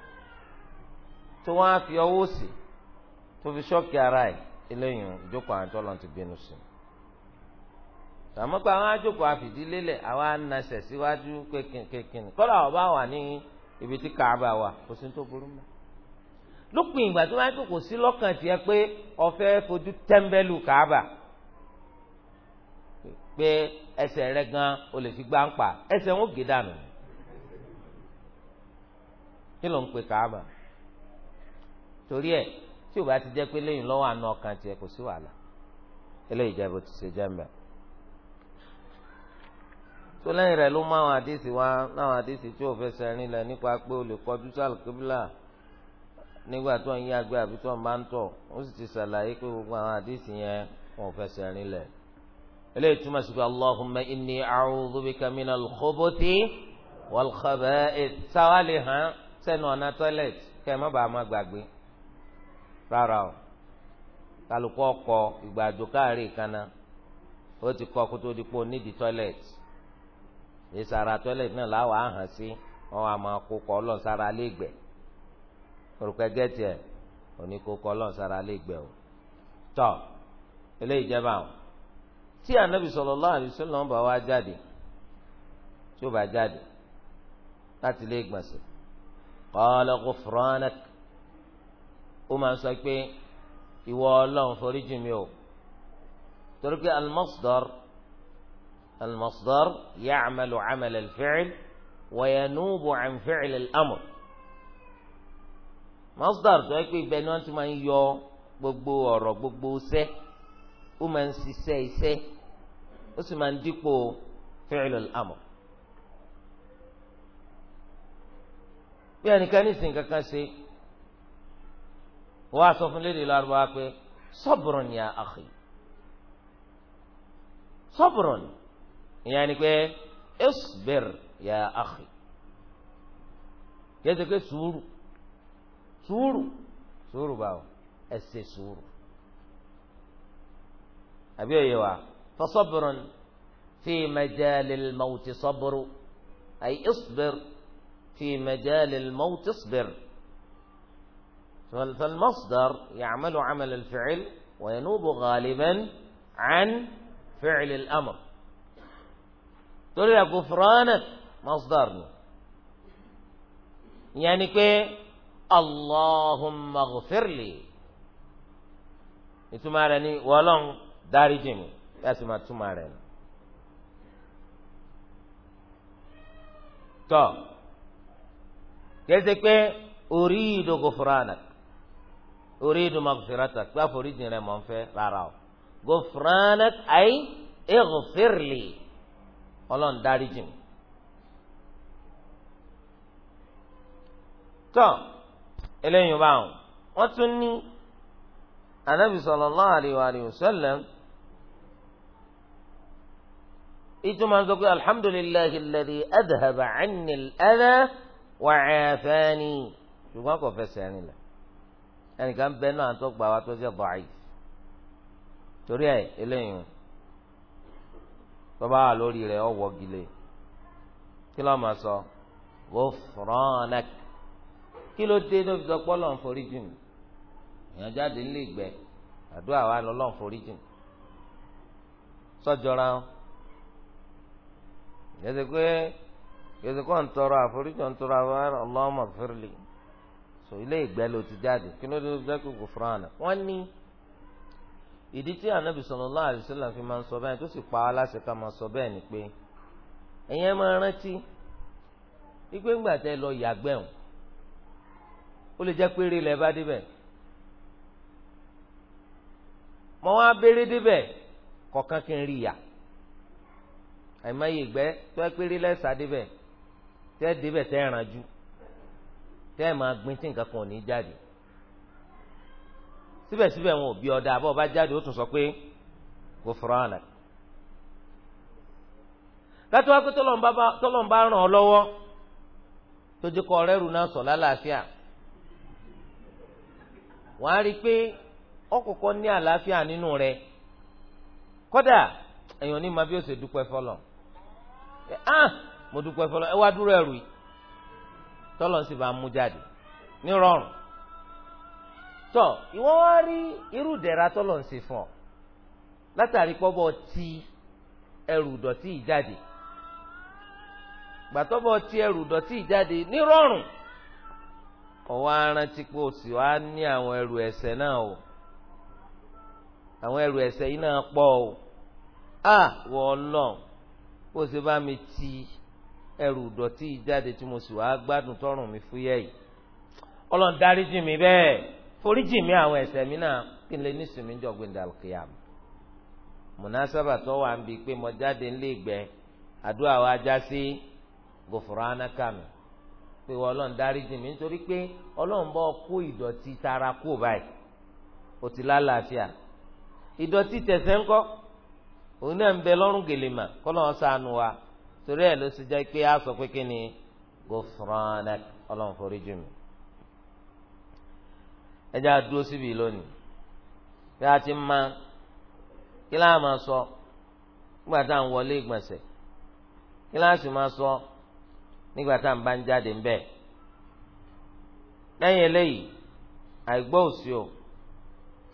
tó wọ́n á fi ọwọ́ sí tó fi ṣọ́ọ̀kì ara yìí eléyìí ìjókòó àwọn tọ́lọ̀ ti bínú sí tàmọ́pẹ́ àwọn àjókòó àfìdílélẹ̀ àwọn anasẹ̀ síwájú kékinkékin kọ́lá ọba wà ní ibi tí Káàbà wà kò sí tó burú mọ́ lópin ìgbà tó máa ń kò sí lọ́kàn tiẹ̀ pé ó fẹ́ fojú tẹ́ḿbẹ́lú Káàbà pé ẹsẹ̀ rẹ gan o lè fi gbá ń pa ẹsẹ̀ ń gé dànù kí ló ń pe Káàbà torí ẹ̀ tí o bá ti jẹ́ pé lẹ́yìn lọ́wọ́ àna ọkàn tiẹ̀ kò sí wàhálà eléyìí jẹ́ bó ti ṣe jẹ́ mbẹ́. tó lẹ́yìn rẹ̀ ló mú àwọn àdìsí wá láwọn àdìsí tí ò fẹsẹ̀ rìn lẹ̀ nípa pé o lè kọjú sàlùkébìlà nígbà tó ń yí agbẹ́ àbí tó ń bá ń tọ̀ ó sì ti ṣàlàyé pé gbogbo àwọn àdìsí yẹn wọn ò fẹsẹ̀ rìn lẹ̀. eléyìí túmọ̀ sí pé allahumma inni a'udhu bika minal khubuthi wal khaba'ith sáwálì hàn sẹ́nu ọ̀nà tọ́lẹ̀tì kẹ́ ẹ má bàa má gbàgbé. rárá o kálukú ọkọ ìgbàdo káàrí kaná ó ti kọ kótó dípò nídìí tọ́lẹ̀tì ìsàrà tọ́lẹ̀tì náà láwàá hàn sí wọn àmọ́ kókọ ọlọ́sára lẹ́gbẹ̀ẹ́ orúkọ gẹ́tì ẹ̀ òní kókọ ọlọ́sára lẹ́gbẹ̀ẹ́ o tọ́ eléyìí jẹ́ báwọn tí anabi sallallahu wá jáde tí ó bá jáde láti lé gbọ̀nsẹ̀ ó máa sọ pé ìwọ ọlọ́run foríjì mi o torí pé al-masdar al-masdar ya'malu 'amal al-fi'l wa yanubu 'an fi'l al-amr masdar tó yẹ pé ibẹ̀ ni wọ́n ti máa ń yọ gbogbo ọ̀rọ̀ gbogbo sẹ́ ó máa ń ṣiṣẹ́ iṣẹ́ ó sì máa ń dípò fi'l al bí ẹnìkan ní ìsìn kankan ṣe. wọ́n á sọ fún lédè lárúbáwá pé sọ́bùrùn ya àkì sọ́bùrùn ìyẹn ni pé isbir ya àkì kẹsẹ̀ pé sùúrù sùúrù sùúrù báwo ẹ ṣe sùúrù àbí òye wa fọ́sọ́bùrùn fi majalil mawuti sọ́bùrù ay isbir fi majalil mawuti sọ́bùrù. فالمصدر يعمل عمل الفعل وينوب غالبا عن فعل الأمر ترى غفرانك مصدرنا يعني كي اللهم اغفر لي يتمارني ولون داري جيمي يسمى تمارني تو كيف أريد غفرانك uridu maghfiratak pé àforíjì rẹ mọ̀ ń fẹ́ rárá o ghufranak ay ighfirli ọlọ́run dáríjì mi. tọ́ eléyìí báwọn wọ́n tún ní anabi sallallahu alayhi wa sallam ìtumọ̀ ń sọ pé alhamdulillahi alladhi adhaba anni al-adha wa aafani ṣùgbọ́n kò fẹsẹ̀ rìn lẹ̀ ẹnìkan bẹ náà tó gbà wá tó jẹ́ bọ̀ọ̀ì torí ẹ eléyìí tó bá wà lórí rẹ̀ ọ wọ gilé kí ló máa sọ ghufranak kí ló dé tó fi sọ pé ọlọ́run forí jù mí èèyàn jáde nílé ìgbẹ́ àdúrà wa ni ọlọ́run forí jù sọ́jọ́ra yẹ́sẹ̀ pé yẹ́sẹ̀ kọ́ ń tọrọ àforíjì ń tọrọ àwọn ọlọ́mọ fẹ́rẹ́lì so ilé ìgbẹ́ ló ti jáde kí ló dé ló jẹ́ kókò fúnra wọn ní ìdí tí anabi sallallahu alaihi wasallam fi máa ń sọ bẹ́ẹ̀ tó sì pa á láṣẹ ká máa sọ bẹ́ẹ̀ ni pé ẹ̀yin ẹ máa rántí igbe ńgbà tẹ lọ yàgbẹ́ o ó lè jẹ́ péré lẹ bá débẹ̀ mọ wá béèrè débẹ̀ kọ̀ọ̀kan kí n rí yà àìmọye ìgbẹ́ tó ẹ péré lẹ́sà débẹ̀ tẹ́ débẹ̀ tẹ́ ràn jù. tẹ́ ẹ̀ máa gbin tí nǹkan kan ò ní jáde síbẹ̀síbẹ̀ wọn ò bí ọ̀dà àbọ̀ bá jáde ó tún sọ pé kò fọ́rọ́ àná. kátó wá pé tọ́lọ́n bá ràn ọ́ lọ́wọ́ tó jẹ́ kọ́ ọ̀rẹ́rù náà sọ̀ lálàáfíà wọ́n á rí i pé ọkọ̀ọ̀kọ́ ní àlàáfíà nínú rẹ kódà èèyàn ní ma bí ó ṣe dúpẹ́ fọlọ́ ẹ̀ ah mo dúpẹ́ fọlọ́ ẹ wá dúró ẹrù yìí tọ́lọ̀ sì bá mú jáde nírọ̀rùn tọ́ ìwọ wá rí irú ìdẹ̀ra tọ́lọ̀ ń ṣe fún ọ látàrí pọ́bọ ti ẹrù dọ̀tí ìjáde gbàtọ́bọ ti ẹrù dọ̀tí ìjáde nírọ̀rùn ọwọ́ arántí pé o sì wá ní àwọn ẹrù ẹ̀ṣẹ̀ náà o àwọn ẹrù ẹ̀ṣẹ̀ yìí náà pọ̀ o a wọ ọlọ́ọ̀ kó o sì bá mi ti ẹrù ìdọ̀tí ìjáde tí mo sì wá gbádùn tọrùn mi fúyẹ́ yìí ọlọ́run dáríjì mi bẹ́ẹ̀ foríjì mi àwọn ẹ̀ṣẹ̀ mi náà kí n lè ní sùnmí jọ̀gbìn dàlùkìyàm mùnásábà tó wà ń bi pé mo jáde ńlé ìgbẹ́ àdúrà wa já sí gòfòránàkà pé ọlọ́run nítorí tara kú báyìí ti lálàáfíà ìdọ̀tí tẹ̀sẹ̀ ńkọ́ òun náà ń bẹ lọ́rùn gèlè mà kọ́ torí ẹ̀ ló sì jẹ́ pé a sọ pé kí ni gufranak ọlọ́run forí jù mí. ẹ jẹ́ àdúró síbi lónìí bí a ti ma kí láà máa sọ nígbà tá à ń wọlé ìgbọ̀nsẹ̀ kí láà sì máa sọ nígbà tá à ń bá ń jáde ń bẹ̀. lẹ́yìn eléyìí àìgbọ́ òsì o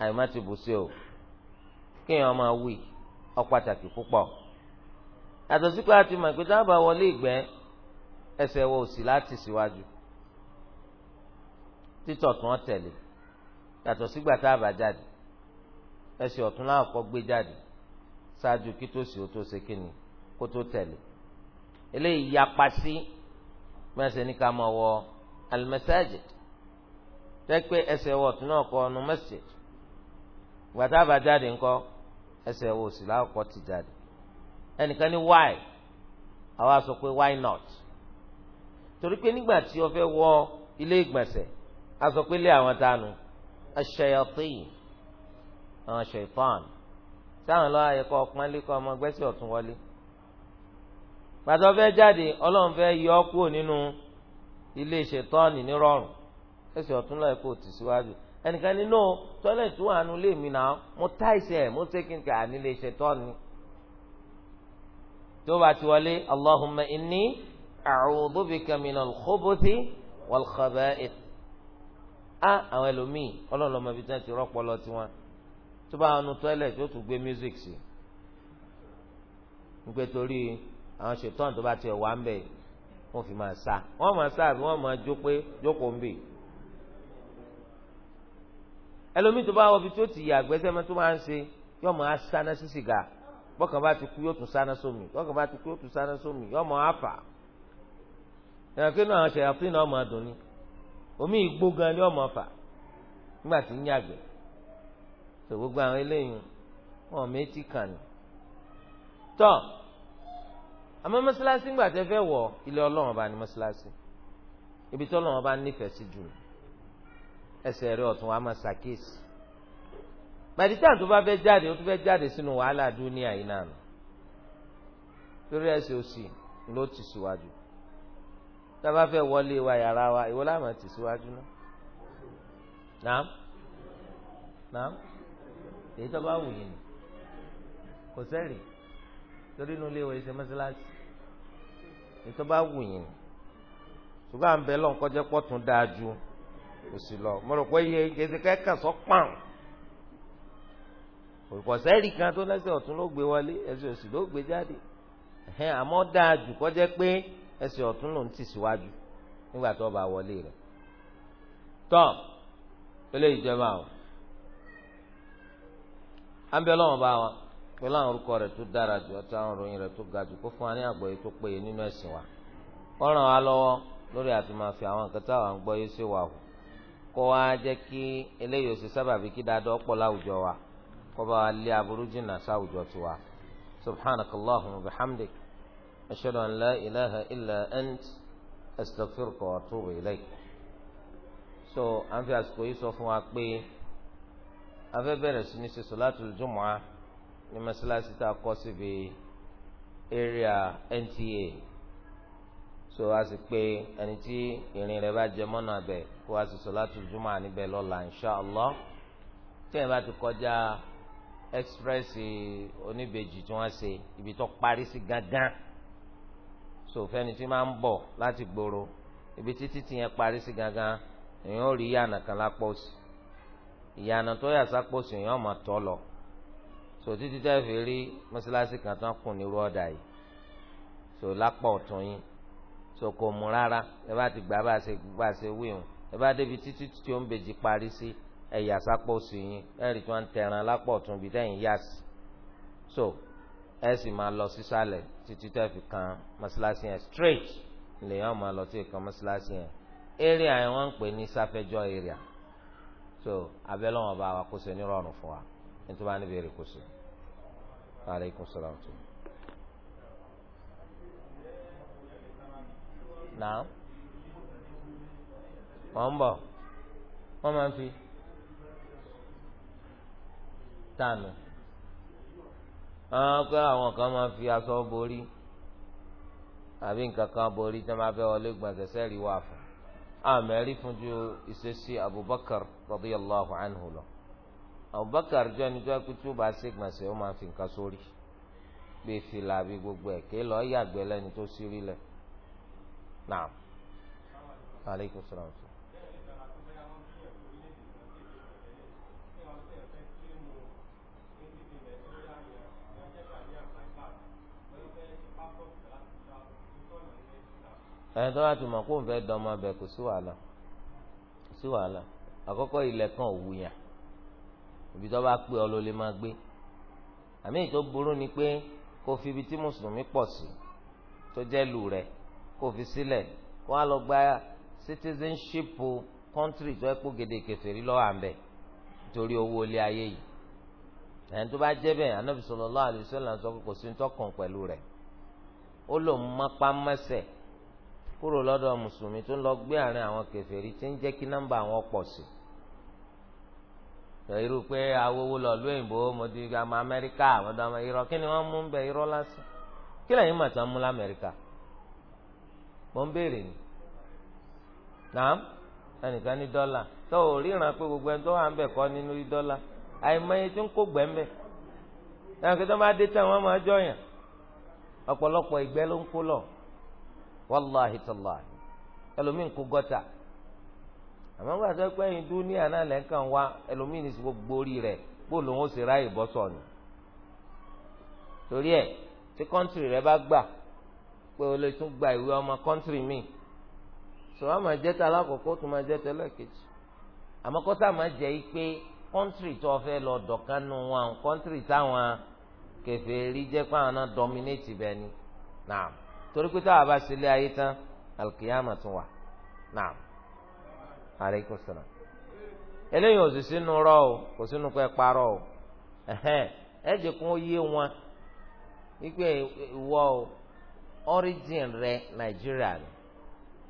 àìmọ́ ti bù sí o kéèyàn máa wí ọ pàtàkì púpọ̀ yàtọ̀ sí pé a ti mọ̀ pé dábàá wọlé ìgbẹ́ ẹsẹ̀ wọ òsì láti síwájú títọ̀ tún tẹ̀lé yàtọ̀ sígbà tá a bá jáde ẹsẹ̀ ọ̀tún láwọn kọ́ gbé jáde ṣáájú kí tó sì ó tó ṣe kí ni kó tó tẹ̀lé eléyìí yapa sí mẹsẹ̀ ní ká mọ̀ wọ alimẹsẹ́jì tẹ́pẹ́ ẹsẹ̀ wọ ọ̀tún náà kọ́ ọ̀nù mẹsẹ̀ gbàtà bá jáde ńkọ́ ẹsẹ̀ wọ òsì láwọn kọ́ ti jáde ẹnìkan ní why àwa sọ pé why not torí pé nígbà tí o fẹ́ wọ ilé ìgbọ̀nsẹ̀ a sọ pé lé àwọn tánu aṣayọtìyìn àwọn ṣètọ́n sáwọn lọ́wọ́ ayẹkọ́ ọpọ́n lékọ́ ọmọ gbẹ́sẹ̀ ọ̀tún wọlé pàtó fẹ́ jáde ọlọ́run fẹ́ yọ ọ́ kúrò nínú ilé ṣètọ́n ní rọrùn gbẹ́sẹ̀ ọ̀tún lọ́ọ́ kó tì síwájú ẹnìkan ní no tọ́lẹ̀ tó wà nulẹ̀ mi náà mo táìsẹ̀ mo tẹ́kìnkà nílé ṣètọ́n ni. No, tó bá ti wọlé allahumma inni a'udhu bika minal khubuthi wal khaba'ith á àwọn ẹlòmíì ọlọ́run lọ́mọ ibi tí wọ́n ti rọ́pọlọ tiwọn tó bá wọn nu toilet yóò tún gbé music sí nígbè torí àwọn ṣètọ́n tó bá ti wà ń bẹ̀ wọ́n fi máa sá wọ́n máa sá àbí wọ́n máa jó pé jókòó ń bì ẹlòmíì tó bá wọ ibi tó ti yà àgbẹ̀sẹ̀ tó máa ń ṣe yóò máa sáná sí sìgá bọ́kàn bá ti kú yóò tún sáná sómi bọ́kàn bá ti kú yóò tún sáná sómi yóò mọ àfà ẹ̀rọ kí inú àwọn ṣèyàtì náà máa dùn ni omi ìgbó gan ni ọmọ fà nígbà tí ń yàgbẹ́ tó gbogbo àwọn eléyìí wọn méjì kàn ní. tọ́ àmọ́ mọ́sálásí ńgbà tẹ́ fẹ́ wọ̀ ilé ọlọ́run ọba ní mọ́sálásí ibi tí ọlọ́run ọba nífẹ̀ẹ́ sí jù ẹsẹ̀ rẹ̀ ọ̀tún wa máa ṣàkíyèsí pẹ̀lú tí àtúntò bá fẹ́ jáde ó tún fẹ́ jáde sínú wàhálà dúníà yìí náà torí ẹsẹ̀ òsì ló ti síwájú tá fẹ́ wọlé wa yàrá wa ìwọ láàmú ti síwájú náà nàám nàám èyí tó bá wù yín ni kò sẹ́rì torí inú ilé ìwé ṣe mọ́sálásí èyí tó bá wù yín ni ṣùgbọ́n à ń bẹ lọ́nkọ́jẹ́ tún dáa ju òsì lọ mo rò pé iye ìgbésẹ̀ kẹ́kẹ́ sọ pàrọ̀ òkò sẹ́ẹ̀rì kan tó lẹ́sẹ̀ ọ̀tún ló gbé wọlé ẹsẹ̀ òsì ló gbé jáde ẹ̀hẹ́n àmọ́ dáa jù kó jẹ́ pé ẹsẹ̀ ọ̀tún ló ń tì síwájú nígbà tó bá wọlé rẹ̀ tọ́ eléyìí jẹba o àbẹ̀lọ́wọ̀n bá wa pẹ̀lú àwọn orúkọ rẹ̀ tó dára jù ọ̀tá àwọn òròyìn rẹ̀ tó ga jù kó fún wa ní àgbọ́yé tó péye nínú ẹ̀sìn wa ó ràn wá lọ́wọ́ lórí àti máa fi àwọn nǹkan táwọn gbọ́ yé sí wa kó wa jẹ́ kí eléyìí ó sì sábàbí kí dáadọ́ pọ̀ láwùjọ wa kọba alẹ aburú jìnnà sáwùjọ tiwa subhanaka allahumma wa bihamdik ashhadu an la ilaha illa ant astaghfiruka wa atubu ilayk so à ń fi àsìkò yìí sọ fún wa pé a fẹ́ bẹ̀rẹ̀ sí ní ṣe solatul jumu'ah ní mọ́sálásí tá a area NTA so a sì pé ẹni tí ìrìn rẹ̀ bá jẹ mọ́nà abẹ kó a sì solatul jumu'ah níbẹ̀ lọ́la insha Allah tí ẹ̀ ti kọjá express oníbejì tí wọ́n ṣe ibi tó parí sí gangan so fẹ́ni tí máa ń bọ̀ láti gbòòrò ibi títí tìyẹn parí sí gangan èèyàn ò rí ìyànà kan lápò sí ìyànà tó yà sápò sí èèyàn ọmọ tọ́ lọ so títí tẹ́ fi rí mọ́ṣáláṣí kan tán kùn nírú ọ̀dà yìí so lápò ọ̀tún yín so kò mú rárá ẹ bá ti gbà bá a ṣe bá a ṣe wí hùn ẹ bá débi títí tí ó ń bejì parí sí. Si ẹ̀yà sápò sí yín ẹ̀rì tí wọ́n ń tẹran lápò tún bí tẹ́yìn yá sí so ẹ sì máa lọ sísàlẹ̀ títí tẹ́ fi kan mọ́ṣáláṣí yẹn straight lèyàn máa lọ tí ì kan mọ́ṣáláṣí yẹn area yẹn wọ́n ń pè ní sáfẹ́jọ́ area so abẹ́lẹ́wọ̀n bá wa kó ṣe nírọ̀rùn fún wa nítorí wọn á níbi èrè kó ṣe. aleykum salaam tó. naam wọ́n ń bọ̀ wọ́n máa ń fi tànù àwọn pé àwọn kan máa fi aṣọ borí àbí nǹkan kan borí tí wọ́n máa fẹ́ wọlé gbọ̀nsẹ̀sẹ̀ rí wà fún àmì ẹ̀rí fún ju ìṣesí Abubakar radiyallahu anhu lọ Abubakar jọ ẹni tó ẹkú tí ó bá ṣe gbọ̀nsẹ̀ ó máa fi nǹkan sórí gbé fìlà àbí gbogbo ẹ̀ ké lọ́ọ́ yàgbẹ́ lẹ́ni tó sírí lẹ̀ naam aleykum salaam. ẹni tó bá ti mọ̀ kó n fẹ́ dán ọmọ bẹ̀ kò sí wàhálà kò sí wàhálà àkọ́kọ́ ilẹ̀ kan ò wuyàn ibi tó bá pé ọ lè máa gbé àmì èyí burú ni pé kó fi ibi tí mùsùlùmí pọ̀ sí tó jẹ́ lù rẹ̀ kó fi sílẹ̀ kó wá lọ gba citizenship country tó ẹ kó gèdè kèfèrí lọ́wọ́ àmbẹ̀ torí owó ilé ayé yìí ẹni tó bá jẹ́ bẹ́ẹ̀ anábì sallallahu alaihi sọ pé kò sí ní tọkàn pẹ̀lú rẹ̀ ó lò ń mọ́pá mẹ́sẹ̀ kúrò lọ́dọ̀ mùsùlùmí tó ń lọ gbé àárín àwọn kèfèrí tí ń jẹ́ kí nọ́mbà àwọn pọ̀ sí irú pé awowó lọ mo àwọn ọmọ irọ́ kí ni wọ́n mú bẹ irọ́ lásán kí lẹ́yìn mú mo ń béèrè ni nàám ẹnìkan ní dọ́là tó o ríran pé gbogbo ẹni tó wà ń bẹ̀ kọ́ nínú rí dọ́là àìmọye tó ń kó gbẹ́ńbẹ́ ẹnìkan tó wàláhi tàláhi ẹlòmíì ń kó gọ́tà àmọ́ wọ́n àti ẹgbẹ́ yìí dúníà náà lẹ́ǹkan wá ẹlòmíì ní sọ gbórí rẹ̀ bóòlù lòun ó sì ráàyè bọ́ sọ̀nù torí tí kọ́ńtìrì rẹ bá gbà pé o lè tún gba ìwé ọmọ kọ́ńtìrì mi sọ̀rọ̀ àmọ́ jẹ́ta alákòókò tó máa jẹ́ta ẹlẹ́kejì àmọ́ kọ́tà máa jẹ́ yìí pé kọ́ńtìrì tó fẹ́ lọ dọ̀kánú wọn kọ́ńtìrì táwọn kẹfẹ́ rí jẹ́ pé àwọn náà torí pé táwa bá sílé ayé tán alkiyama tún wà naam aleykum salaam eléyìí ò sì sínú rọ o kò sínú pé parọ́ o ẹ jẹ́ kó yé wọn wípé ìwọ origin rẹ Nàìjíríà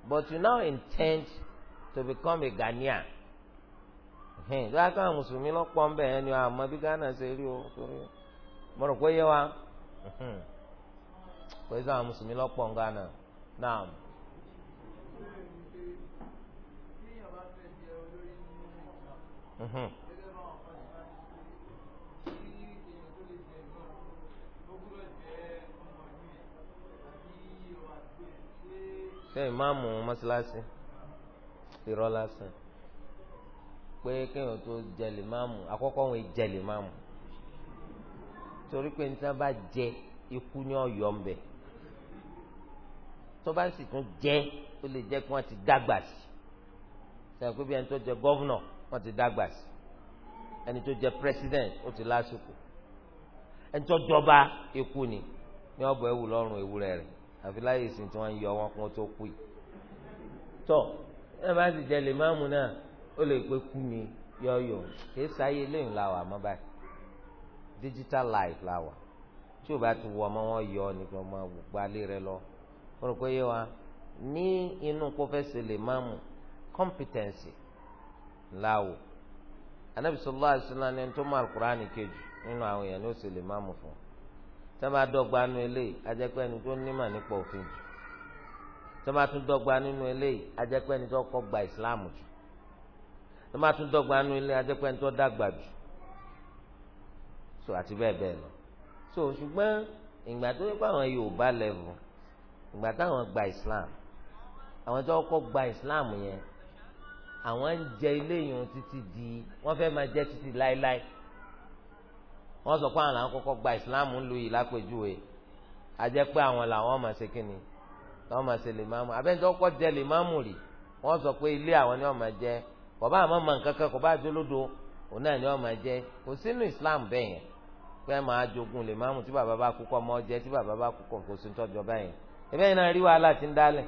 but you now intend to become a Ghanaian lọ́wọ́ káwọn mùsùlùmí lọ́pọ̀ ń bẹ̀ àmọ́ bí Ghana ṣe rí o mo rò pé kò sí àwọn mùsùlùmí lọ́pọ̀ ń mhm. ìmáàmù lásán pé kéèyàn tó jẹ lè máàmù àkọ́kọ́ wọn jẹ lè máàmù torí pé níta bá jẹ ikú ni ọyọ ń bẹ tó bá sì tún jẹ ó lè jẹ kí wọn ti dàgbà sí sọ pé bí ẹni tó jẹ gọvnọ wọn ti dàgbà sí ẹni tó jẹ president ó ti lásìkò ẹni tó jọba ikú ni ní ọbọ ẹwù lọ́rùn ewúrẹ́ rẹ̀ àfi láyé ìsìn tí wọn yọ wọn kún tó kú yìí tọ ẹ bá sì jẹ lè máàmù náà ó lè pé kú ni yọyọ kì í sáyé lẹ́yìn làwà mọ báyìí digital life làwà tí o bá ti wọ ọmọ wọn yọ nìkan máa wò gbalé rẹ lọ mo yé wa ní inú pọfẹsì lè má mu competency láwò anabi àṣìlá ni tó mọ alukurani kejì nínú àwọn èèyàn ní ó sì lè má mu fún tẹ́lẹ̀ dọ́gba nínú eléyìí ajẹ́pẹ́ ni tó nímọ̀ nípa òfin jù tẹ́lẹ̀ tún dọ́gba nínú eléyìí ajẹ́pẹ́ ni tó kọ́ gba ìsìláàmù jù tẹ́lẹ̀ tún dọ́gba nínú eléyìí ajẹ́pẹ́ ni tó dàgbà jù so àti bẹ́ẹ̀ bẹ́ẹ̀ lọ so ṣùgbọ́n ìgbà tó ní pa àwọn Yorùbá level ìgbà táwọn gba Islam àwọn tó kọ́ gba Islam yẹn àwọn ń jẹ ilé yìí títí di wọ́n fẹ́ máa jẹ títí láéláé wọ́n sọ pé àwọn làwọn kọ́kọ́ gba Islam ń lu yìí lápèjúwe ajẹ́ pé àwọn làwọn máa ṣe kínni làwọn máa ṣe lè máa mú abẹ́ńtọ́ kọ́ jẹ lè máa mú rì wọ́n sọ pé ilé àwọn ni wọ́n máa jẹ kò bá àmọ́ mọ nǹkan kan kò bá jólódo òun náà ni wọ́n máa jẹ kò sínú Islam bẹ́ẹ̀ yẹn pé máa jogun lè máàmù tí bàbá bá kú kọ́ ọmọ jẹ tí bàbá bá kú kọ́ kò sí tọ́jọ́ báyìí ẹbẹ́ yìí náà rí wàhálà ti ń dálẹ̀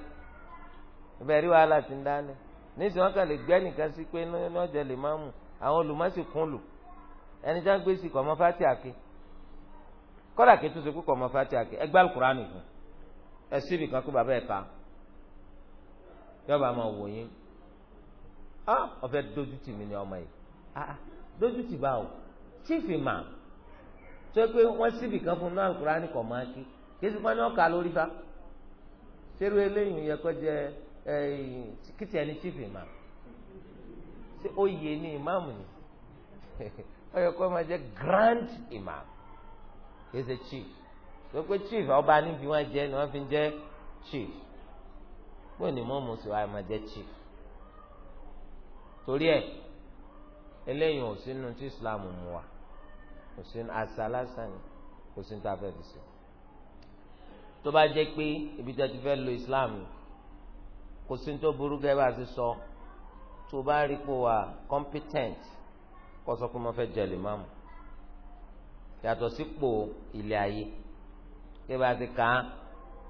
ẹbẹ́ rí wàhálà ti ń dálẹ̀ níṣẹ́ wọn kàn lè gbẹ́ nìkan sí pé lọ́jọ́ lè máàmù àwọn olùmọ̀sí kún lù ẹni tí wọ́n gbé sí kọ̀mọ́ fati àké kọ́dà kí túnṣe kú kọ̀mọ́ fati àké ẹgbẹ́ alukurani fún tó yẹ pé wọ́n síbì kan fún náà Al-Qur'ani kọ̀ máa kí kéésì fún ẹni ọ̀ka lórí fa sẹ́rù eléyìí yẹ kó jẹ kìtì ẹni chief imam ṣé ó yẹ ní imam ni ó yẹ kó máa jẹ grand imam kéésì chief tó yẹ pé chief ọba níbi wọn jẹ ni wọn fi jẹ chief pé ní mọ́ mọ́ sí wa máa jẹ́ chief torí ẹ̀ eléyìí ò sínú tí Islam mú wa kò sí àṣà lásán ni kò sí níta fẹ́ fi ṣe tó bá jẹ́ pé ibi tí a ti fẹ́ lo islam kò sí tó burú gẹ́gẹ́ bá a ti sọ tó bá rí pò wá competent kó sọ pé mo fẹ́ jẹ lèmámù yàtọ̀ sípò ilé ayé gẹ́gẹ́ bá a ti kà á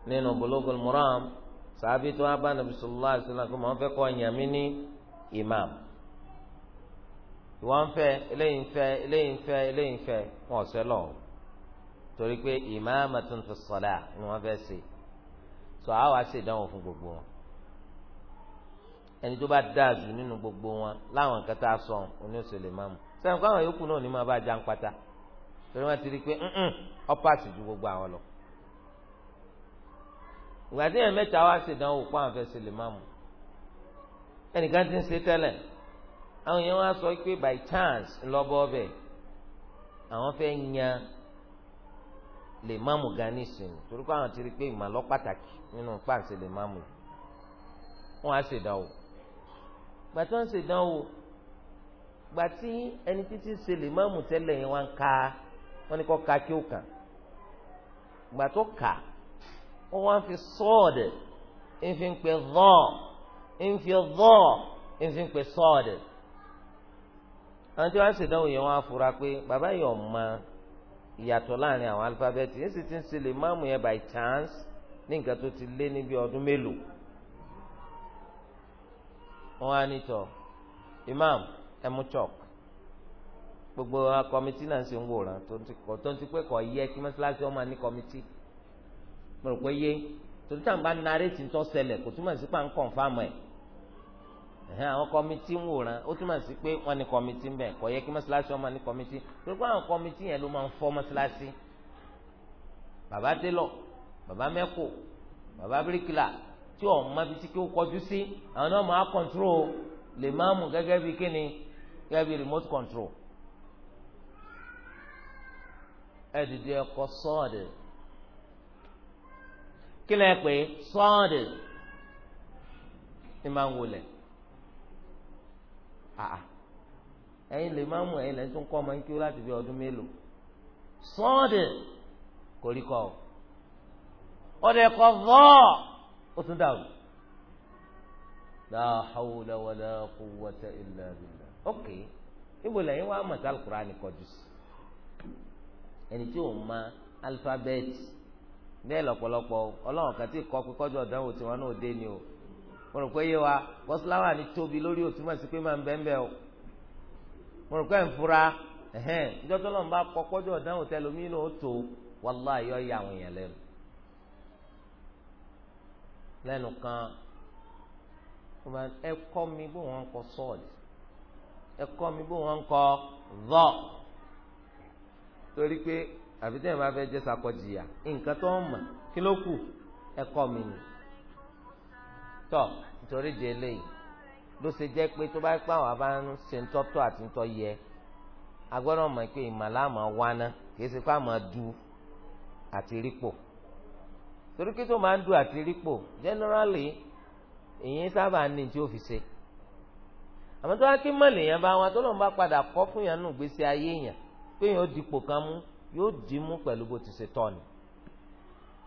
nínú Bulughul Maram sàbí tó wá bá nàbì sallallahu alaihi wasallam kó mo fẹ́ kọ́ ọ̀yàn mi ní imam ìwọ ń fẹ́ eléyìí ń fẹ́ eléyìí ń fẹ́ eléyìí ń fẹ́ wọn ò sẹlọ torí pé ìmáàmà tó ń fi sọlá ni wọn fẹ́ ṣe sọ àwa ṣe ìdánwò fún gbogbo wọn ẹni tó bá dáa jù nínú gbogbo wọn láwọn nǹkan tá a sọ òní ò sì lè máa mú sẹ́yìn kó àwọn yòókù náà ní máa bá já ń pata torí wọn ti rí i pé ọ́pàṣì ju gbogbo àwọn lọ ìgbà tí èèyàn mẹ́ta wá ṣèdánwò pé àwọn fẹ́ ṣe lè máa mú ẹnìkan ti ń ṣe tẹ́lẹ̀ àwọn èèyàn wá sọ pé by chance ńlọ́bọ̀ ọbẹ̀ àwọn fẹ́ yan lè máàmù gan nísìnyí torí pé àwọn ti rí i pé ìmọ̀lọ́ pàtàkì nínú pàǹsẹ̀ lè máàmù wọn á ṣèdánwò gbàtí wọn ṣèdánwò gbàtí ẹni títí ń ṣe lè máàmù tẹ́lẹ̀ yẹn wọn ká wọn ni kò ká kí ó kàn gbàtó kà ó wọn fi sọ́ọ̀dì ń fi ń pè zọ́ọ̀ ń fi zọ́ọ̀ ń fi ń pè sọ́ọ̀dì àwọn tí wọ́n ṣèdánwò yẹn wọ́n á fura pé bàbá yìí ọ̀ma ìyàtọ̀ láàrin àwọn alifábẹ́ẹ̀tì yẹn sì ti ń ṣe máàmù yẹn by chance ní nǹkan tó ti lé níbi ọdún mélòó wọ́n á nítọ imam ẹmu chọk gbogbo kọmitì náà ṣe ń wòran tó ń ti pé kọ yẹ kí mọ́ṣáláṣí ọmọ ní kọmitì mo rò pé yé torí táwọn bá narètì ń tọ́ ṣẹlẹ̀ kò túmọ̀ sí pa ń kọ̀ǹfàmù ẹ̀ àwọn kọmitì ń wòran ó túmọ̀ sí pé wọ́n ní kọmitì ń bẹ̀ kọ́ yẹ kí mọ́ṣáláṣí ọmọ ní kọmitì gbogbo àwọn kọmitì yẹn ló máa ń fọ́ mọ́ṣáláṣí bàbá télọ̀ bàbá mẹ́kò bàbá bíríkìlà tí ò mọ ibi tí kò kọjú sí àwọn náà máa kọ̀ǹtró lè máa mú gẹ́gẹ́ bí kíni gẹ́gẹ́ bí remote control ẹ̀dìdì ẹ̀kọ́ sọ́ọ̀dì kí lẹ́ pé sọ́ọ̀dì ni máa ń wọlé àà ah, ah. ẹ̀yin lè má mú ẹ̀yin lè tún kọ́ ọmọ nkíó láti fi ọdún mélòó sọ́ọ̀dì kò rí kọ́ ọ ọdẹ kọ vọ́ ó tún dàrú la hawla ok ibo lẹ́yìn wa kọjú sí ẹni tí òun ma alifábẹ́ẹ̀tì bẹ́ẹ̀ lọ́pọ̀lọpọ̀ ọlọ́run kàtí kọ́ pé kọ́jú ọ̀dánwò tiwọn náà dé o. mo rò pé yé wa bọ́sùláwà ni tóbi lórí òtúmọ̀ sí pé máa ń o mo rò pé ń fura ẹ̀hẹ́n ìjọ tó lọ́n bá inú ó ya àwọn èèyàn kan mi bó wọ́n ń kọ mi bó wọ́n ń kọ torí pé àbí fẹ́ jẹ́ sakọ́jìyà nǹkan tọ́ nítorí di eléyìí ló ṣe jẹ́ pé tó bá pẹ́ àwọn abá ń ṣe ń tọ́tọ́ àti ń tọ́ yẹ agbọ́dọ̀ mọ̀ pé ìmàláàmà wáná kì í ṣe pé àmọ́ du àti rípò torí kí tó máa ń du àti rípò generally èyí sábà ní tí ó fi ṣe àmọ́ tó wá kí mọ̀lẹ̀ yẹn bá wọn tó lóun bá padà kọ́ fún yẹn nù gbèsè ayé yẹn pé yẹn ó dipò kan mú yóò dì í mú pẹ̀lú bó ti ṣe tọ́ ni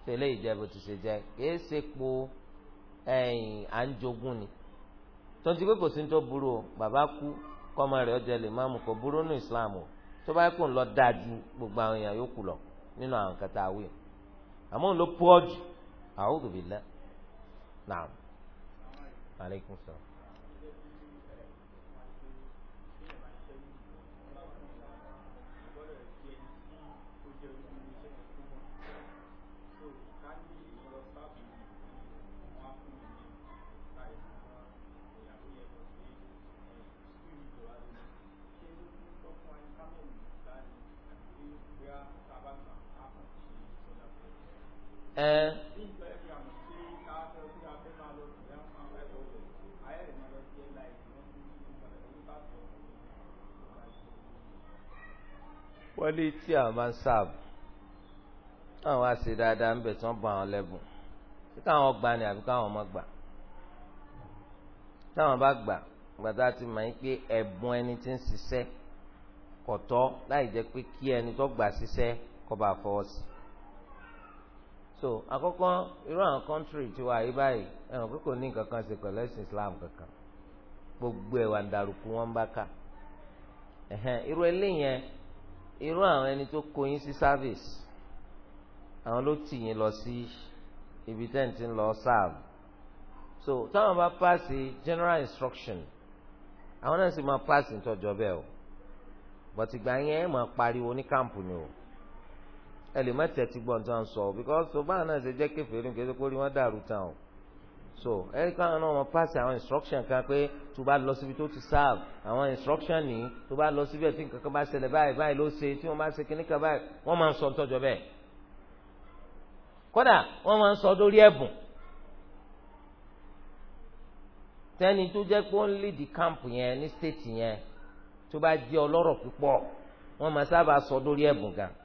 tẹ́lẹ̀ ìjẹ́ bó ti ṣe jẹ́ kì í ṣe po. eyin à ń jogún ni tonti pé kò sí ní tó burú o bàbá kú kọ́mọ rẹ̀ islam o tó bá kó ń lọ gbogbo àwọn èèyàn yòókù lọ nínú àwọn kẹta awé àmọ́ ń lọ pọ́ọ̀jù a'udhu ẹ. wọ́n lé tí àwọn máa ń sáàbù àwọn àṣẹ dáadáa ń bẹ̀ tí wọ́n bọ àwọn lẹ́bùn tí káwọn gbà ni àbí káwọn ọmọ gbà táwọn bá gbà gbàtà ti mọ̀ pé ẹ̀bùn ẹni tí ń ṣiṣẹ́ kọ̀tọ́ láì jẹ́ pé kí ẹni tó gbà ṣiṣẹ́ kó bá fọwọ́ sí i so àkọ́kọ́ irú àwọn kọ́ńtírì tí wà yí báyìí ẹ̀rọ kókò ní nǹkan kan ṣe pẹ̀lú Islam kankan gbogbo ẹ̀wà ń darúkú wọn bá ká ẹ̀hẹ́n irú eléyẹn irú àwọn ẹni tó kó yín sí service àwọn ló tì yín lọ sí ibi tẹ́ ń lọ serve so táwọn bá paasi general instruction àwọn náà sì máa paasi ń bẹ́ẹ̀ o bọ̀tìgbà yẹn ẹ̀ máa pariwo ní kámpù ni o ẹ lè má tẹ̀ ti gbọ́n tó sọ because so báyìí náà ṣe jẹ́ kèfèrí kí ẹ kó rí wọn dàrú tán o so ẹ káwọn náà wọn pass àwọn instruction kan pé tó bá lọ síbi tó ti serve àwọn instruction ní tó bá lọ síbi tí nǹkan kan bá ṣẹlẹ̀ báyìí báyìí ló ṣe tí wọ́n bá ṣe kíní kan báyìí wọ́n máa ń sọ tọ́jọ́ bẹ́ẹ̀ kódà wọ́n máa ń sọ lórí ẹ̀bùn tẹ́ni tó jẹ́ pé ó ń lead camp yẹn ní state yẹn tó bá jẹ́ ọlọ́rọ̀ púpọ̀ wọ́n máa sábà sọ lórí ẹ̀bùn gan-an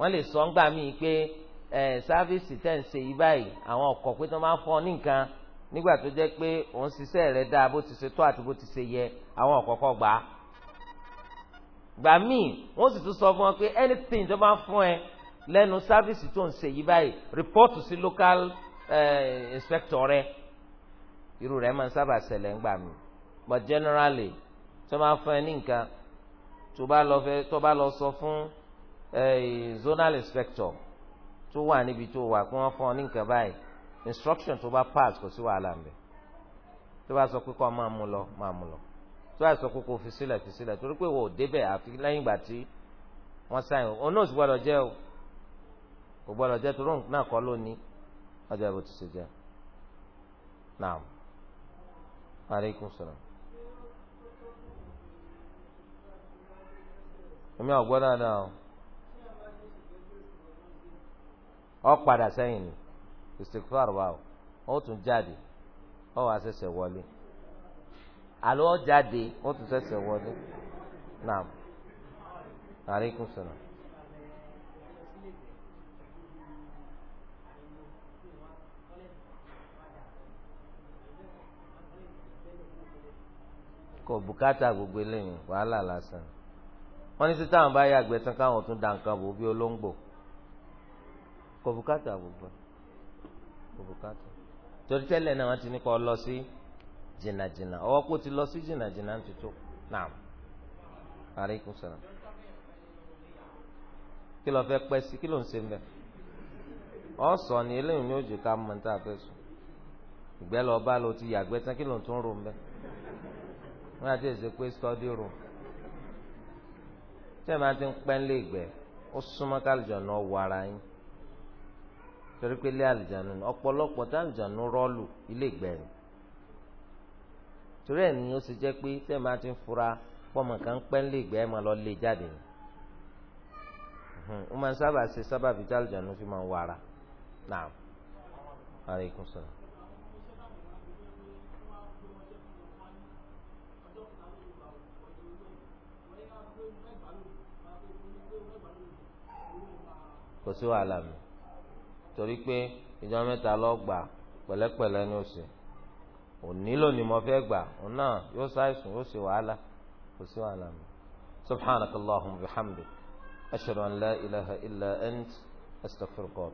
wọ́n lè sọ ńgbà míì pé ẹ̀ sáfíìsì tẹ̀ ń ṣe yí báyìí àwọn ọkọ̀ pé tó máa fọ́ ọ ní nǹkan nígbà tó jẹ́ pé òun ṣiṣẹ́ rẹ̀ dáa bó ti ṣe tó àti bó ti ṣe yẹ àwọn ọkọ̀ kọ́ gbà á. gbà míì wọ́n sì tún sọ fún ọ pé anything tó bá fún ẹ lẹ́nu sáfíìsì tó ń ṣe yí báyìí rìpọ́ọ̀tù sí local inspector rẹ irú rẹ̀ máa ń sábà ṣẹlẹ̀ ńgbà míì but generally tó máa fún ẹ ní nǹkan tó bá lọ sọ fún Eh, zonal inspector tó wà níbi tó wà pé wọ́n fún ọ ní nǹkan báyìí instruction tó bá pass kò sí wàhálà ń bẹ tó bá sọ pé kó máa mú lọ máa mú lọ tó bá sọ pé kó fi sílẹ̀ fi sílẹ̀ torí pé wò ó débẹ̀ àfi lẹ́yìn ìgbà tí wọ́n sáyìn o náà sì gbọ́dọ̀ jẹ́ o kò gbọ́dọ̀ jẹ́ torí náà kọ́ lónìí ọjọ́ ìbò ti ṣe jẹ́ naam aleykum salaam. èmi ò gbọ́dọ̀ náà ọ padà sẹ́yìn ni istighfar wa o ó tún jáde ó wá ṣẹ̀ṣẹ̀ wọlé àlọ́ ó jáde ó tún wọlé kò bùkátà gbogbo eléyìí wàhálà lásán wọn ní títà bá tán káwọn tún da nǹkan bò bí Kọbukata bùkátà gbogbo kò bùkátà torí na náà wọ́n ti ní kọ́ lọ sí jìnnàjìnnà ọwọ́ kó ti lọ sí jìnnàjìnnà ń tutù naam aleykum kí ló fẹ́ pẹ́ sí kí ló ń ọ sọ ni eléyìí ní ojú ká sùn ìgbẹ́ lọ bá lo ti yàgbẹ́ tán kí ló ń study room tẹ́ẹ̀ máa ti ń pẹ́ ń lé ìgbẹ́ ó súnmọ́ kálíjọ torí pé ilé àlìjánu ni ọ̀pọ̀lọpọ̀ tá àlìjánu rọ́ọ̀lù ilé ìgbẹ́ni torí ẹ̀ ni ó sì jẹ́ pé tẹ́ máa ti ń fura pọ́mọ kan pẹ́ ń lè gbẹ́ ẹ̀ máa lọ lé e jáde ni wọ́n máa ń sábà ṣe sábàbí tá àlìjánu fi máa ń wara naam aleykum salaam. kò sí wàhálà mi torí pé ìjọ mẹ́ta lọ gbà pẹ̀lẹ́pẹ̀lẹ́ ní òsè òní lónìí mo fẹ́ gbà òun náà yóò ṣàìsùn yóò ṣe wàhálà kò sí wàhálà mi subhanakallahumma wa bihamdik ashhadu an la ilaha illa ant astaghfiruka.